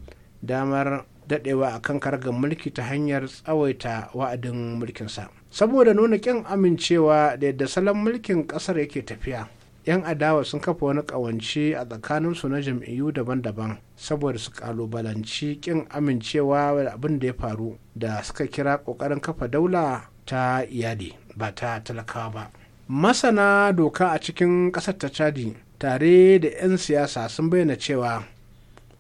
damar daɗewa a kan kargar mulki ta hanyar tsawaita wa'adin mulkinsa saboda nuna ƙin amincewa da yadda salon mulkin ƙasar yake tafiya 'yan adawa sun kafa wani ƙawance a tsakaninsu na jam'iyyu daban-daban saboda su kalubalanci ƙin amincewa da abin da ya faru da suka kira ƙoƙarin kafa daula ta iyali ba ta talakawa ba masana doka a cikin ƙasar ta chadi tare da 'yan siyasa sun bayyana cewa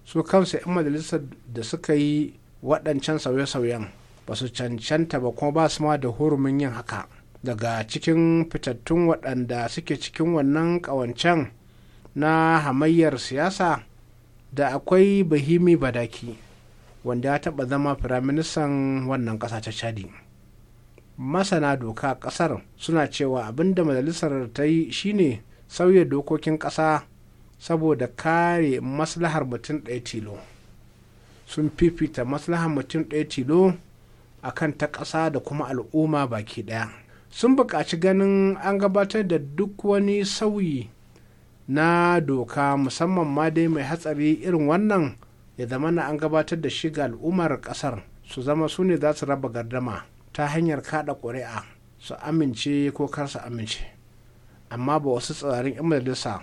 su kansu 'yan majalisar da suka yi waɗancan sauye-sauyen ba su cancanta ba kuma ba su ma da hurumin yin haka daga cikin fitattun waɗanda suke cikin wannan ƙawancen na hamayyar siyasa da akwai bahimi badaki wanda ya taɓa zama firaministan wannan ƙasa ta chadi masana doka ƙasar suna cewa abin da majalisar ta yi shine sauya dokokin ƙasa saboda kare maslahar mutum ɗaya tilo sun fifita maslahar mutum ɗaya tilo a kan ta ƙasa da kuma al'umma baki ɗaya sun buƙaci ganin an gabatar da duk wani sauyi na doka musamman ma dai mai hatsari irin wannan ya zama na an gabatar da shi ga al'ummar ƙasar su zama su ne za su raba gardama ta hanyar kaɗa ƙuri'a su amince ko kar su amince amma ba wasu tsarin 'yan majalisa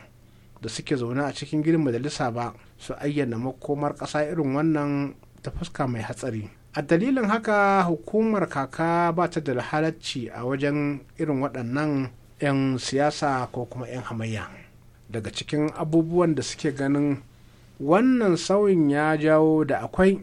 da suke zaune a cikin gidan majalisa ba su ayyana makomar ƙasa irin wannan ta fuska mai hatsari a dalilin haka hukumar kaka ba ta da halacci a wajen irin waɗannan 'yan siyasa ko kuma 'yan hamayya daga cikin abubuwan da suke ganin wannan sauyin ya jawo da akwai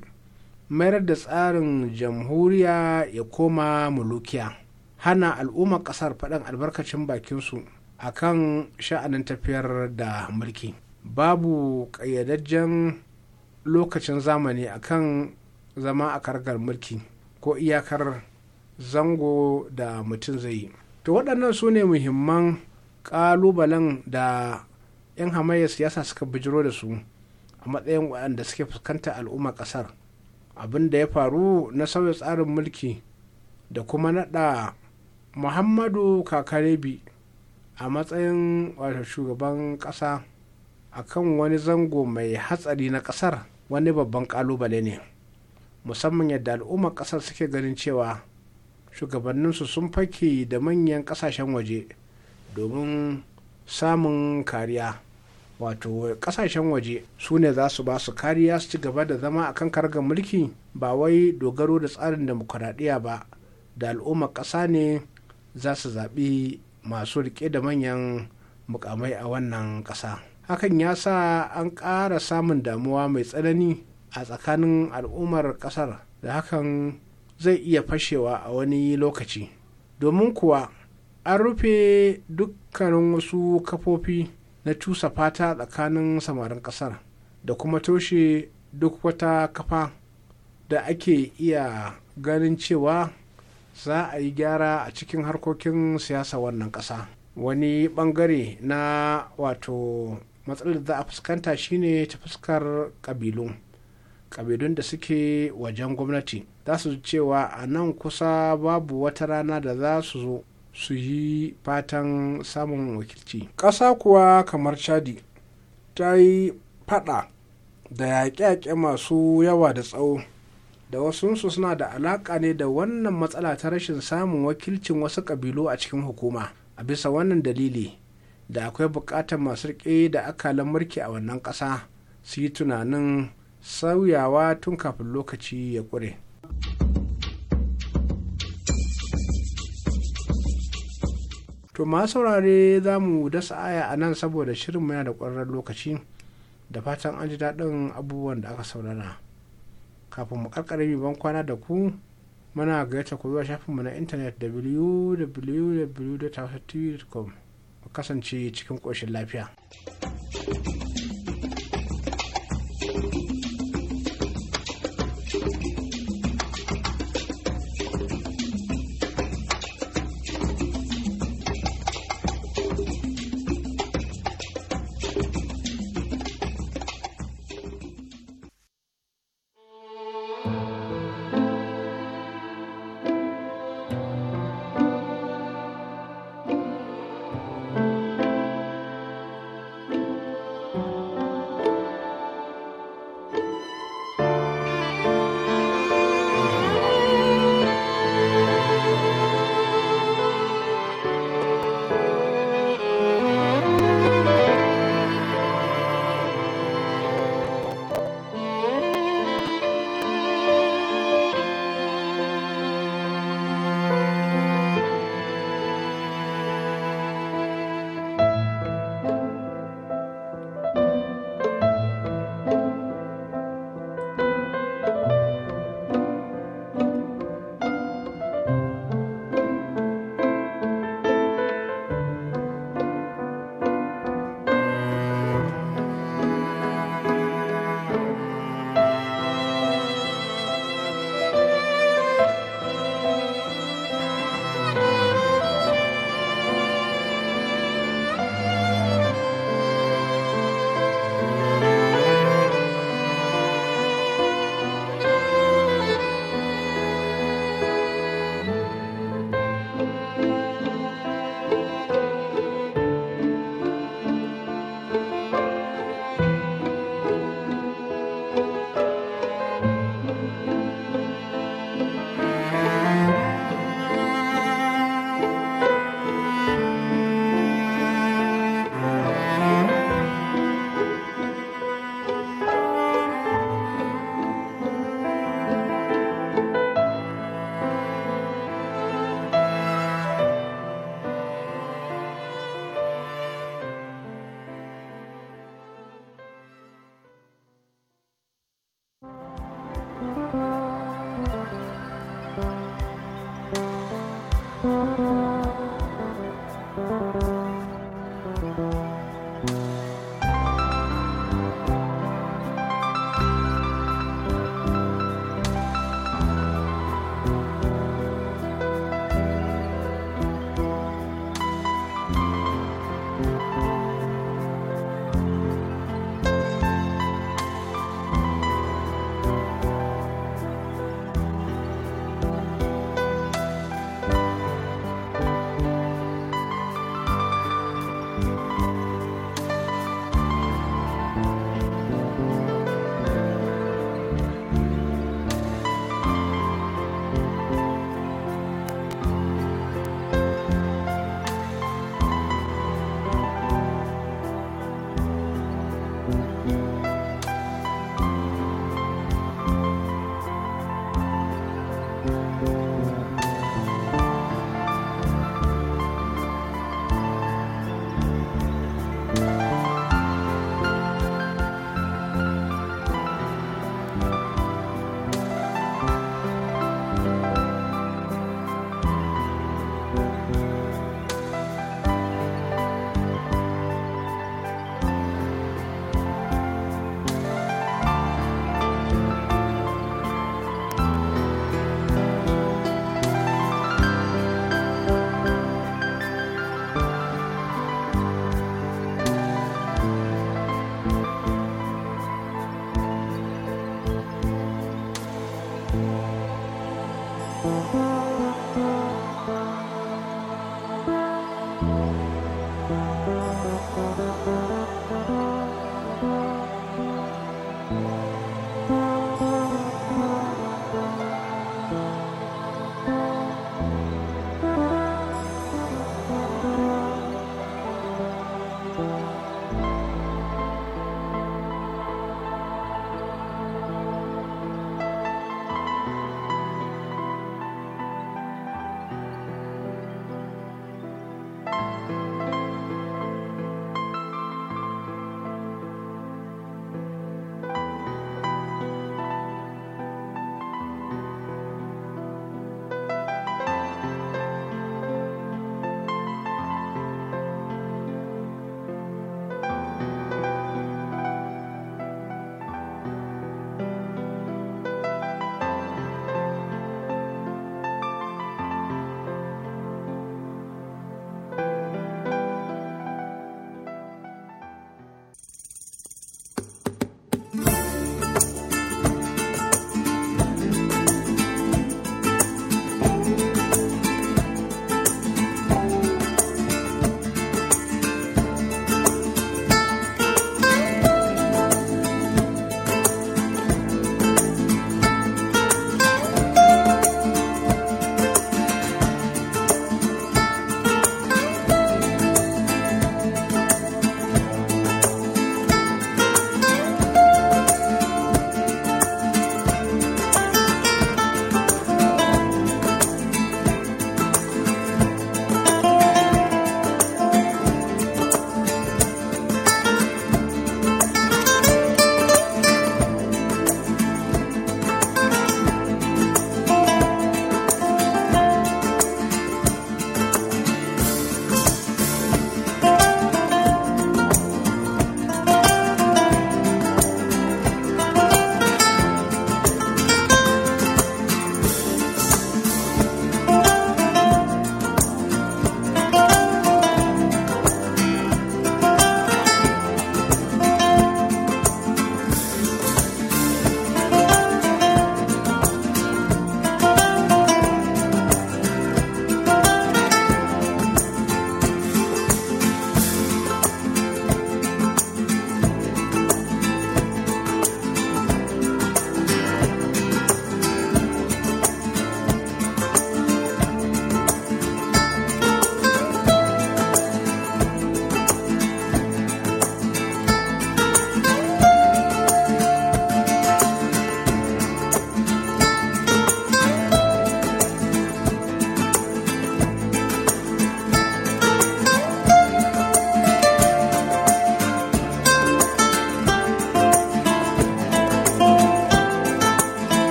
mayar da tsarin jamhuriya ya koma mulukiya hana al'ummar ƙasar faɗin albarkacin bakinsu a kan sha'anin tafiyar da mulki babu ƙayyadajjen lokacin zamani a akan zama a kargar mulki ko iyakar zango da mutum zai yi to waɗannan su ne muhimman ƙalubalen da 'yan hamayya siyasa suka bijiro da su a matsayin waɗanda suke fuskanta al'umma ƙasar abin da ya faru na sauya tsarin mulki da kuma naɗa muhammadu kakarebi a matsayin wato shugaban ƙasa a kan wani zango mai hatsari na ƙasar wani babban ƙalubale ne. musamman yadda al'ummar ƙasar suke ganin cewa shugabanninsu sun fake da manyan ƙasashen waje domin samun kariya wato ƙasashen waje su ne za su ba su kariya su ci gaba da zama akan kargar mulki ba wai dogaro da tsarin demokuraɗiyya ba da al'ummar ƙasa ne za su zaɓi masu riƙe da manyan mukamai a wannan ƙasa hakan ya sa an ƙara samun damuwa mai tsanani a tsakanin al'ummar ƙasar da hakan zai iya fashewa a wani lokaci domin kuwa an rufe dukkanin wasu kafofi na cusa fata tsakanin samarin ƙasar da kuma toshe duk wata kafa da ake iya ganin cewa za a yi gyara a cikin harkokin siyasa wannan ƙasa wani bangare na wato matsalar da za a fuskanta shine ta fuskar ƙabilu ƙabilun da suke wajen gwamnati za su cewa a nan kusa babu wata rana da za su zo su yi fatan samun wakilci ƙasa kuwa kamar chadi ta yi fada da yaƙe-yaƙe masu yawa da tsawo da wasunsu suna da alaƙa ne da wannan matsala ta rashin samun wakilcin wasu ƙabilu a cikin hukuma a bisa wannan dalili da akwai buƙatar masu riƙe da akalan mulki a wannan ƙasa su yi tunanin sauyawa tun kafin lokaci ya ƙure. To ma saurare za mu dasa aya a nan saboda shirin yana da ƙwararren lokaci da fatan an ji daɗin abubuwan da aka saurara. Kafin mu karkare mai ban kwana da ku muna gayyata ku zuwa shafinmu na intanet www.tv.com. mu kasance cikin ƙoshin lafiya. thank you